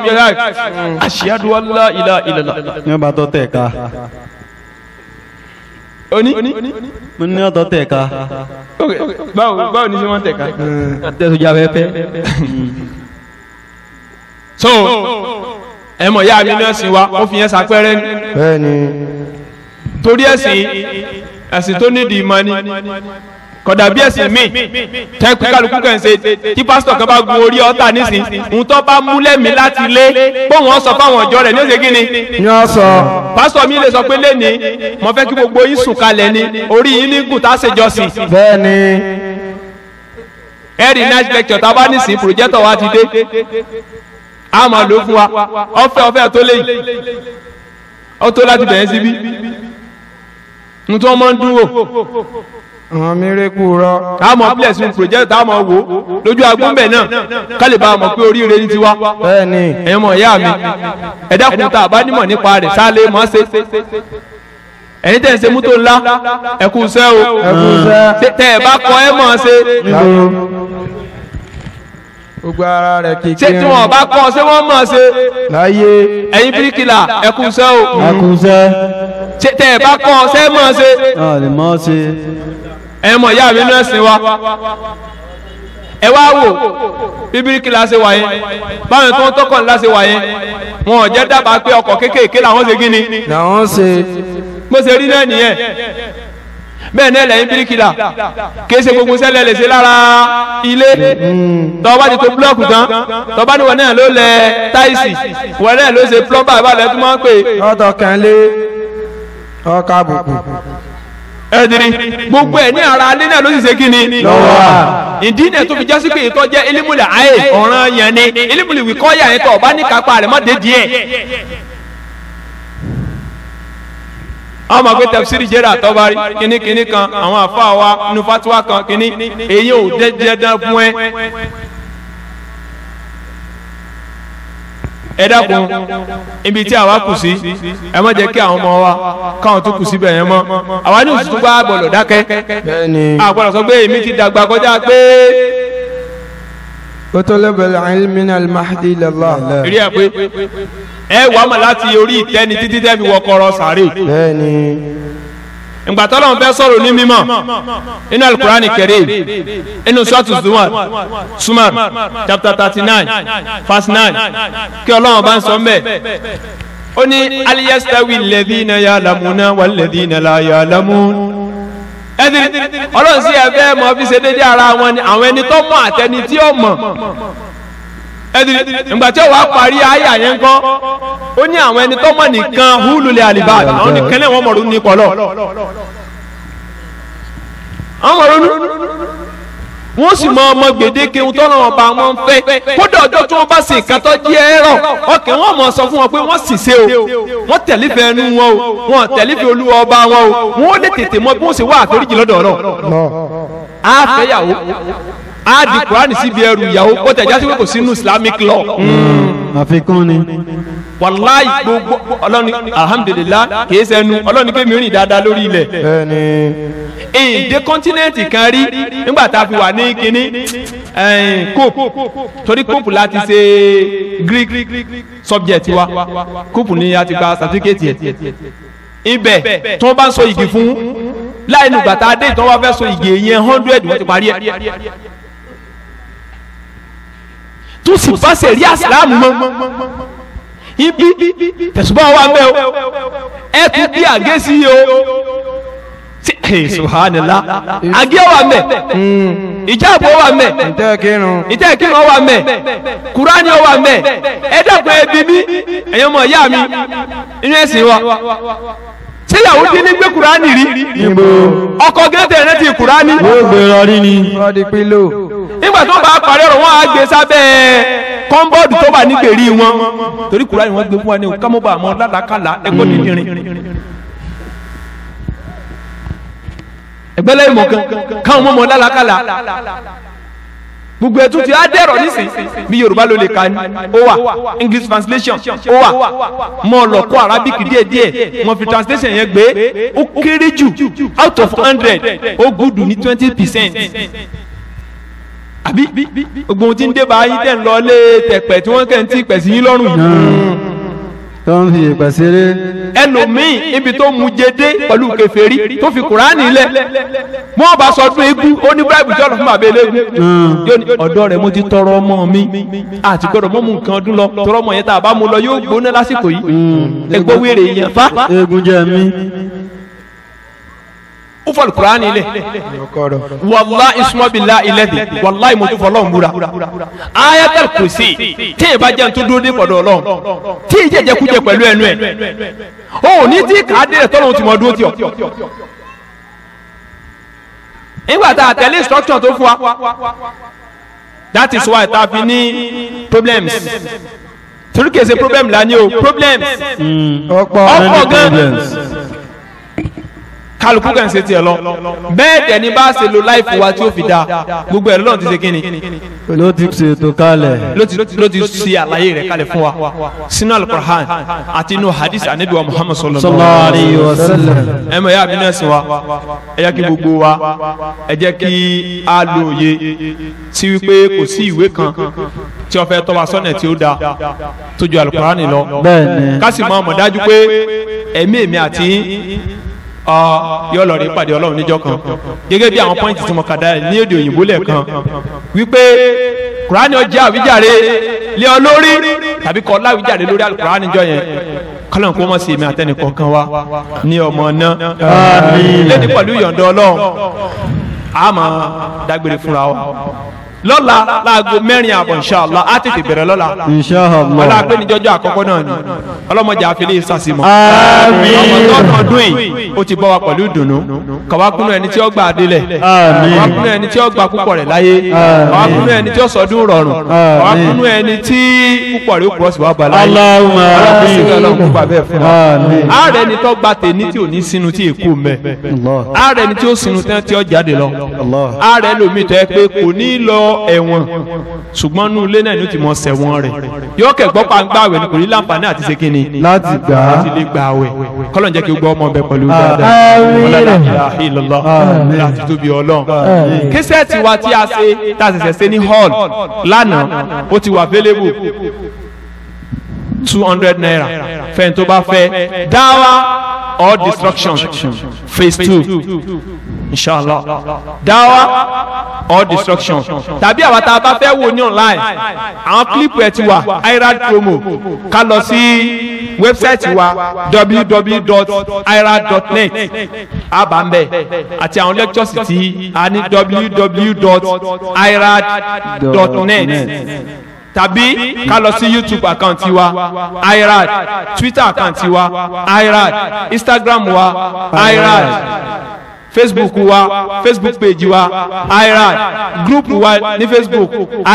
ashhadu an la ilaha illallah. ní ọba tó tẹ̀ ká. oní. mo ní ọtọ tẹ̀ ká. báwo báwo ni ṣé wọ́n tẹ̀ ká. tẹ̀sùn jà fẹ́fẹ́. so ẹ mọ̀ ya mi ní ẹ̀sìn wa ó fi yẹn ṣàpẹẹrẹ ni. bẹ́ẹ̀ torí ẹ̀sìn ẹ̀sìn tó nídìí mọ́ ni kódà bí ẹ̀sìn mi tẹ́ pé kálukú kàn ṣe tí pásítọ̀ kan bá gun orí ọ̀tá nísìn ń tọ́ bá mú lẹ́mìí láti lé pé wọ́n sọ fáwọn ọ̀jọ́ rẹ̀ ní oṣù kínní. ni wọ́n sọ. pásítọ̀ mi lè sọ pé lẹ́ni mo fẹ́ kí gbogbo yín sùn kalẹ̀ ni orí yín ní gùn tá a ṣe jọ́sìn. bẹ́ẹ̀ni. ẹ̀rì next lecture tá a bá nísìn projector wa ti dé a máa lò fún wa ọ̀fẹ́ ọ̀fẹ́ tó léyìn ó tó láti bẹ̀rẹ̀ síbí nítorí wọ́n ń dúró àwọn mírèkù rọ. a mọ bílẹ̀ sínú project a mọ wo lójú agbóńbẹ̀ náà kálí bá a mọ̀ pé oríire ní tiwa. bẹ́ẹ̀ni ẹ̀yin mọ̀ ìyá mi ẹ̀dá kun tá a bá nímọ̀ nípa rẹ̀ sálẹ̀ mọ́ ṣe ẹ̀yin tẹ̀ ń ṣe mútò ńlá ẹ̀kú sẹ́ o tẹ̀ ẹ̀ bá kọ ẹ̀ mọ̀ ṣe gbogbo ara rẹ kékeré. ṣé tí wọn bá kọ ṣé wọn mọ ṣe. láyé. ẹ̀yin bíríkìlà ẹkùnṣẹ́ o. ẹkùnṣẹ́. ṣé tẹ ẹ bá kọ ṣé mọ ṣe. a lè mọ ṣe ẹ mọ̀ ìyá mi nú ẹ̀sìn wa ẹ wá wò bíbíríkì la ṣe wà yẹn báwọn tó ń tọkọ̀ ńlá ṣe wà yẹn wọn ò jẹ́ dábàá pé ọkọ̀ kéékèèké làwọn ṣe gíni. làwọn ṣe. bó ṣe rí náà nìyẹn bẹ́ẹ̀ náà lẹ́yìn bíríkìlà kìí ṣe gbogbo sẹ́lẹ̀ lè ṣe lára ilé mm-hmm. tọ́ba ti tó búlọ́ọ̀kù tán tọ́ba ni wọn náà ló lẹ táìsì wọn náà ló ṣe plọ́mbà ìbálẹ̀ tó máa ń pè. ọ̀tọ̀ kan lé ọkà àbùkù ẹdiri gbogbo ẹ ní ara alẹ́ náà ló sì ṣe kí ni. lọ́wọ́ ìdí náà tó fi jásí pé ìtọ́ jẹ́ elimuli ayé ọ̀ràn yẹn ni elimuli wìkọ́yà yẹn tó ọba ní kápá rẹ̀ má dé díẹ̀. àwọn àgbẹ̀ tafsiri jẹ́rà tọ́bárí kínní kínní kan àwọn àfa wa nufatuwa kan kínní èyí ò dẹ́dẹ́ dán fún ẹ. ẹ dákun ibi tí àwa kù sí ẹ má jẹ́ kí àwọn ọmọ wa káwọn tó kù síbẹ̀ yẹn mọ́ àwa ní òsì tó gbá gbọ́dọ̀ dákẹ́ àgbọ̀dọ̀ sọ pé èmi ti dàgbà kọjá pé. وطلب العلم من المهدي لله rí ẹ pé ẹ wàá mọ̀ láti orí ìtẹ́ni títí ìgbà tọ́lọ́run fẹ́ sọ̀rọ̀ ní mímọ́ inú alukur'an kẹrẹ́ inú sọ́ọ̀tù zumar sumar chapter thirty nine verse nine kí ọlọ́run bá ń sọ mbẹ́ ó ní aliyasawi lẹ́dínà ya'lamuna wàlẹ́dínà láyàlámúnà ẹni ọlọ́run sí ẹ fẹ́ mọ fi ṣe déédéé ara wọn ni àwọn ẹni tó mọ̀ àtẹni tí ó mọ̀ ẹdiri ìgbà tí ó wàá parí àyà yẹn kọ́ ó ní àwọn ẹni tọ́mọ̀ nìkan húlùlẹ̀ àlìbá àwọn nìkan náà wọ́n mọ̀ ronú nípa ọlọ́ àwọn mọ̀ ronú wọ́n sì mọ ọmọ gbèdéke ń tọ́nà ọba wọn fẹ́ kódà ọjọ́ tí wọ́n bá sì kàtọ́ jí ẹ̀rọ ọkẹ́ wọn mọ̀ sọ fún wọn pé wọ́n sì ṣe o wọ́n tẹ̀lífẹ́ ẹnu wọn o wọ́n tẹ̀lífẹ́ olúwa ọba wọn o wọ́n lè tètè mọ bí wọ́n sì wá àforíjì lọ́dọ̀ ọ̀rọ̀ á di Quran síbi ẹrù ìyàwó ó tẹ̀ jásí pé kò Islamic law. Hmm. àfikún ni. wàláì gbogbo ọlọ́ni alhamdulillah kìí sẹ́nu ọlọ́ni pé mi rìn dáadáa lórí ilẹ̀. bẹ́ẹ̀ni. èdè kọ́ńtínẹ́ǹtì kan rí nígbà tá a fi wà ní kínní kóòpù torí kóòpù láti ṣe Greek subject wa kóòpù ni a ti gba certificate yẹn ibẹ̀ tí bá ń sọ igi fún láì nígbà tá a dé tí wọ́n fẹ́ sọ igi yẹn hundred wọ́n ti parí ẹ̀ tó sì bá sẹ̀rí àsìlámù mọ́ ibi tẹ̀sùbọ́ wa ń o ẹ tún bí àgé sí i o subhanallah àgé wa mẹ hmm. ìjáàbò wa mẹ ìtẹ́kìrún wa mẹ kúránì wa mẹ ẹ dẹ́kun ẹbí mi ẹ̀yọ́ mọ̀ ìyá mi inú ẹ̀sìn wa ṣé Yahudi ní gbé kúránì rí ọkọ̀ gẹ́tẹ̀ rẹ ti kúránì. ó gbèrò rí ni nígbà tó bá parí ọ̀rọ̀ wọn á gbé sábẹ́ kọ́ńbọ́ọ̀dù tó bá nígbèrí wọn torí kura ni wọ́n gbé fún wa ní o ká mọ́ bá àmọ́ ládàkàlà ẹgbẹ́ dídìrín ẹgbẹ́ lẹ́yìn mọ̀kan káwọn mọ̀ mọ́ gbogbo ẹtú ti á bí yorùbá ló lè ka ni ó wà english translation ó wà mọ lọ kó arabic díẹ̀ díẹ̀ wọn fi translation yẹn gbé ó kéré jù out of hundred ó gùdù ní twenty percent àbí gbogbo ohun tí ń débà yín tẹ̀ ń lọ lé tẹ̀pẹ̀ tí wọ́n kẹ́ ń tí pẹ̀sì yín lọ́rùn yìí. tó ń fi ìpè ṣeré. ẹlòmíì ibi tó mu jẹdé pẹ̀lú kèfèrí tó fi kùránì lẹ̀ mọ́ ọba sọdún eégún ó ní bíráìbù tí ọlọ́fun bàbá eléégún. ọ̀dọ́ rẹ̀ mo ti tọrọ ọmọ mi àti gbọ́dọ̀ mọ́ mu nǹkan ọdún lọ tọrọ ọmọ yẹn tá a bá mu lọ yóò gbóná lásìkò yìí hmm ó fọ alukur'an ilẹ̀ wàláhi isumabila ilẹ̀ de wàláhi mojúfọlọ́ múra ayatal kursi tí ì bá jẹ́ tí ì kújẹ pẹ̀lú ẹnu ẹ̀ ó ní tí kàádé rẹ̀ tọ́lọ́run dúró tiọ̀ nígbà tá a tẹ̀lé instruction tó fún wa that is why ta fi ní problems torí kèsè problem la ní o problems hmm. ọ̀pọ̀ gan kálukú kàn ṣe tiẹ̀ lọ bẹ́ẹ̀ dẹ̀ ni bá ṣe lo láìfù wa tí ó fi da gbogbo ẹ̀ lọ́n ti ṣe kí ni. ló ti ṣètò kalẹ̀. ló ti ṣe àlàyé rẹ̀ kalẹ̀ fún wa sínú alukur'an àti inú hadith anabi muhammad sallallahu alayhi wa sallam. ẹ mọ̀ ya abiná sí wa ẹ jẹ́ kí gbogbo wa ẹ jẹ́ kí a lo òye sí wípé kò sí ìwé kan tí ó fẹ́ tọ́ tí ó da tó ju alukur'an lọ. bẹ́ẹ̀ ni. ká sì mọ̀ ọmọ dájú pé ẹ̀mí èmi àti yóò lọ rí pàdé ọlọ́run níjọ́ kan gẹ́gẹ́ bí àwọn pọ́ìntì tí mo kà dá ní èdè òyìnbó lẹ́ẹ̀kan wípé kùránì ọjà àwíjàre lé ọ lórí tàbí kọ́ láwíjàre lórí àlùkùránì jọ yẹn kọ́lọ́n kó mọ̀ sí èmi àtẹnìkọ̀ọ̀kan wa ní ọmọ náà lẹ́ni pẹ̀lú ìyọ̀ǹda ọlọ́run a dágbére fúnra wa lọ́la láago mẹ́rin àbọ̀ inṣàlá á tètè bẹ̀rẹ̀ lọ́la. inṣàlá ọlá pé níjọ́jọ́ àkọ́kọ́ náà ni ọlọ́mọdé àfẹlẹ́ ìsàsímọ̀. àmín ọmọdé ọdún yìí ó ti bọ́ wa pẹ̀lú ìdùnnú kàwákùnú ẹni tí ó gba adélẹ̀ kàwákùnú ẹni tí ó gba púpọ̀ rẹ̀ láyé kàwákùnú ẹni tí ó sọdún rọrùn kàwákùnú ẹni tí púpọ̀ rẹ̀ ó kúrọ̀ sí wa bá láyé ààrẹ ni tó ẹ̀wọ̀n ṣùgbọ́n nínú ilé náà ni ó ti mọ sẹ̀wọ̀n rẹ̀ yóò kẹ̀gbọ́ pàǹgbà àwẹ̀ kò ní láǹfààní àti ṣe kíni láti gbà á láti lè gbà àwẹ̀ kọ́lọ̀ ń jẹ́ kí gbọ́ ọmọ ọbẹ̀ pẹ̀lú dáadáa láti tóbi ọlọ́run kíṣẹ́ẹ̀tì wa tí a ṣe tá a ṣẹ̀ṣẹ̀ ṣe ní hall lánàá ó ti wà available two hundred naira fẹ́ni tó bá fẹ́ dáwà or destruction phase two inshallah dawa or destruction tàbí àwa tá a bá fẹ́ wò ní online àwọn kílípù ẹ̀ ti wà irad promo ká lọ sí wẹ́bsáìtì wa www.irad.net abambẹ àti àwọn lectures ti a ní www.irad.net tàbí ká lọ sí youtube account tiwa irad twitter account tiwa irad instagram wa irad facebook wa facebook page wa irad group wa ni facebook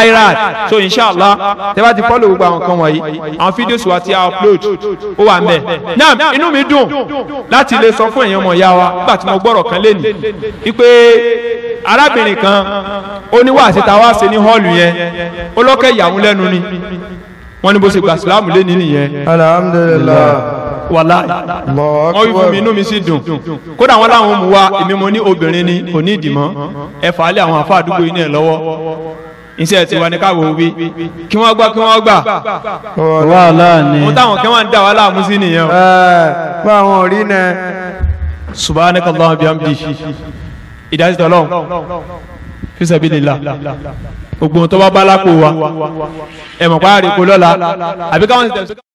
irad so inshallah tẹ́bá ti follow gbogbo àwọn kan wọ̀nyí àwọn fídíòsì wa ti a upload ó wà mẹ́ naam inú mi dùn láti lè sọ fún èèyàn ọmọ ìyá wa nígbà tí mo gbọ́rọ̀ kan lénìí wípé arábìnrin kan oníwàásí ta wá ṣe ní hall yẹn ó ìyàwó lẹ́nu ni wọ́n ní bó ṣe gbà sílámù lé nìyẹn. alhamdulilayi wàláì wọ́n wí fún mi inú mi sì dùn kódà wọn láwọn mú wa èmi mo ní obìnrin ni òní ìdìmọ́ ẹ fà á lé àwọn àfa àdúgbò yìí náà lọ́wọ́ iṣẹ́ tiwa ni káwọ́ wí kí wọ́n gbà kí wọ́n gbà. wàhálà ni. mo táwọn kí wọ́n ń dà wá láàmú sí nìyẹn. ẹ bá àwọn ò rí nẹ. subhanaka allahumma bihamdi ìdásí tọ́lọ́ fi sabilillah gbogbo tó bá bá lápò wa ẹ̀ mọ̀ lọ́la àbí káwọn ti tẹ̀sí.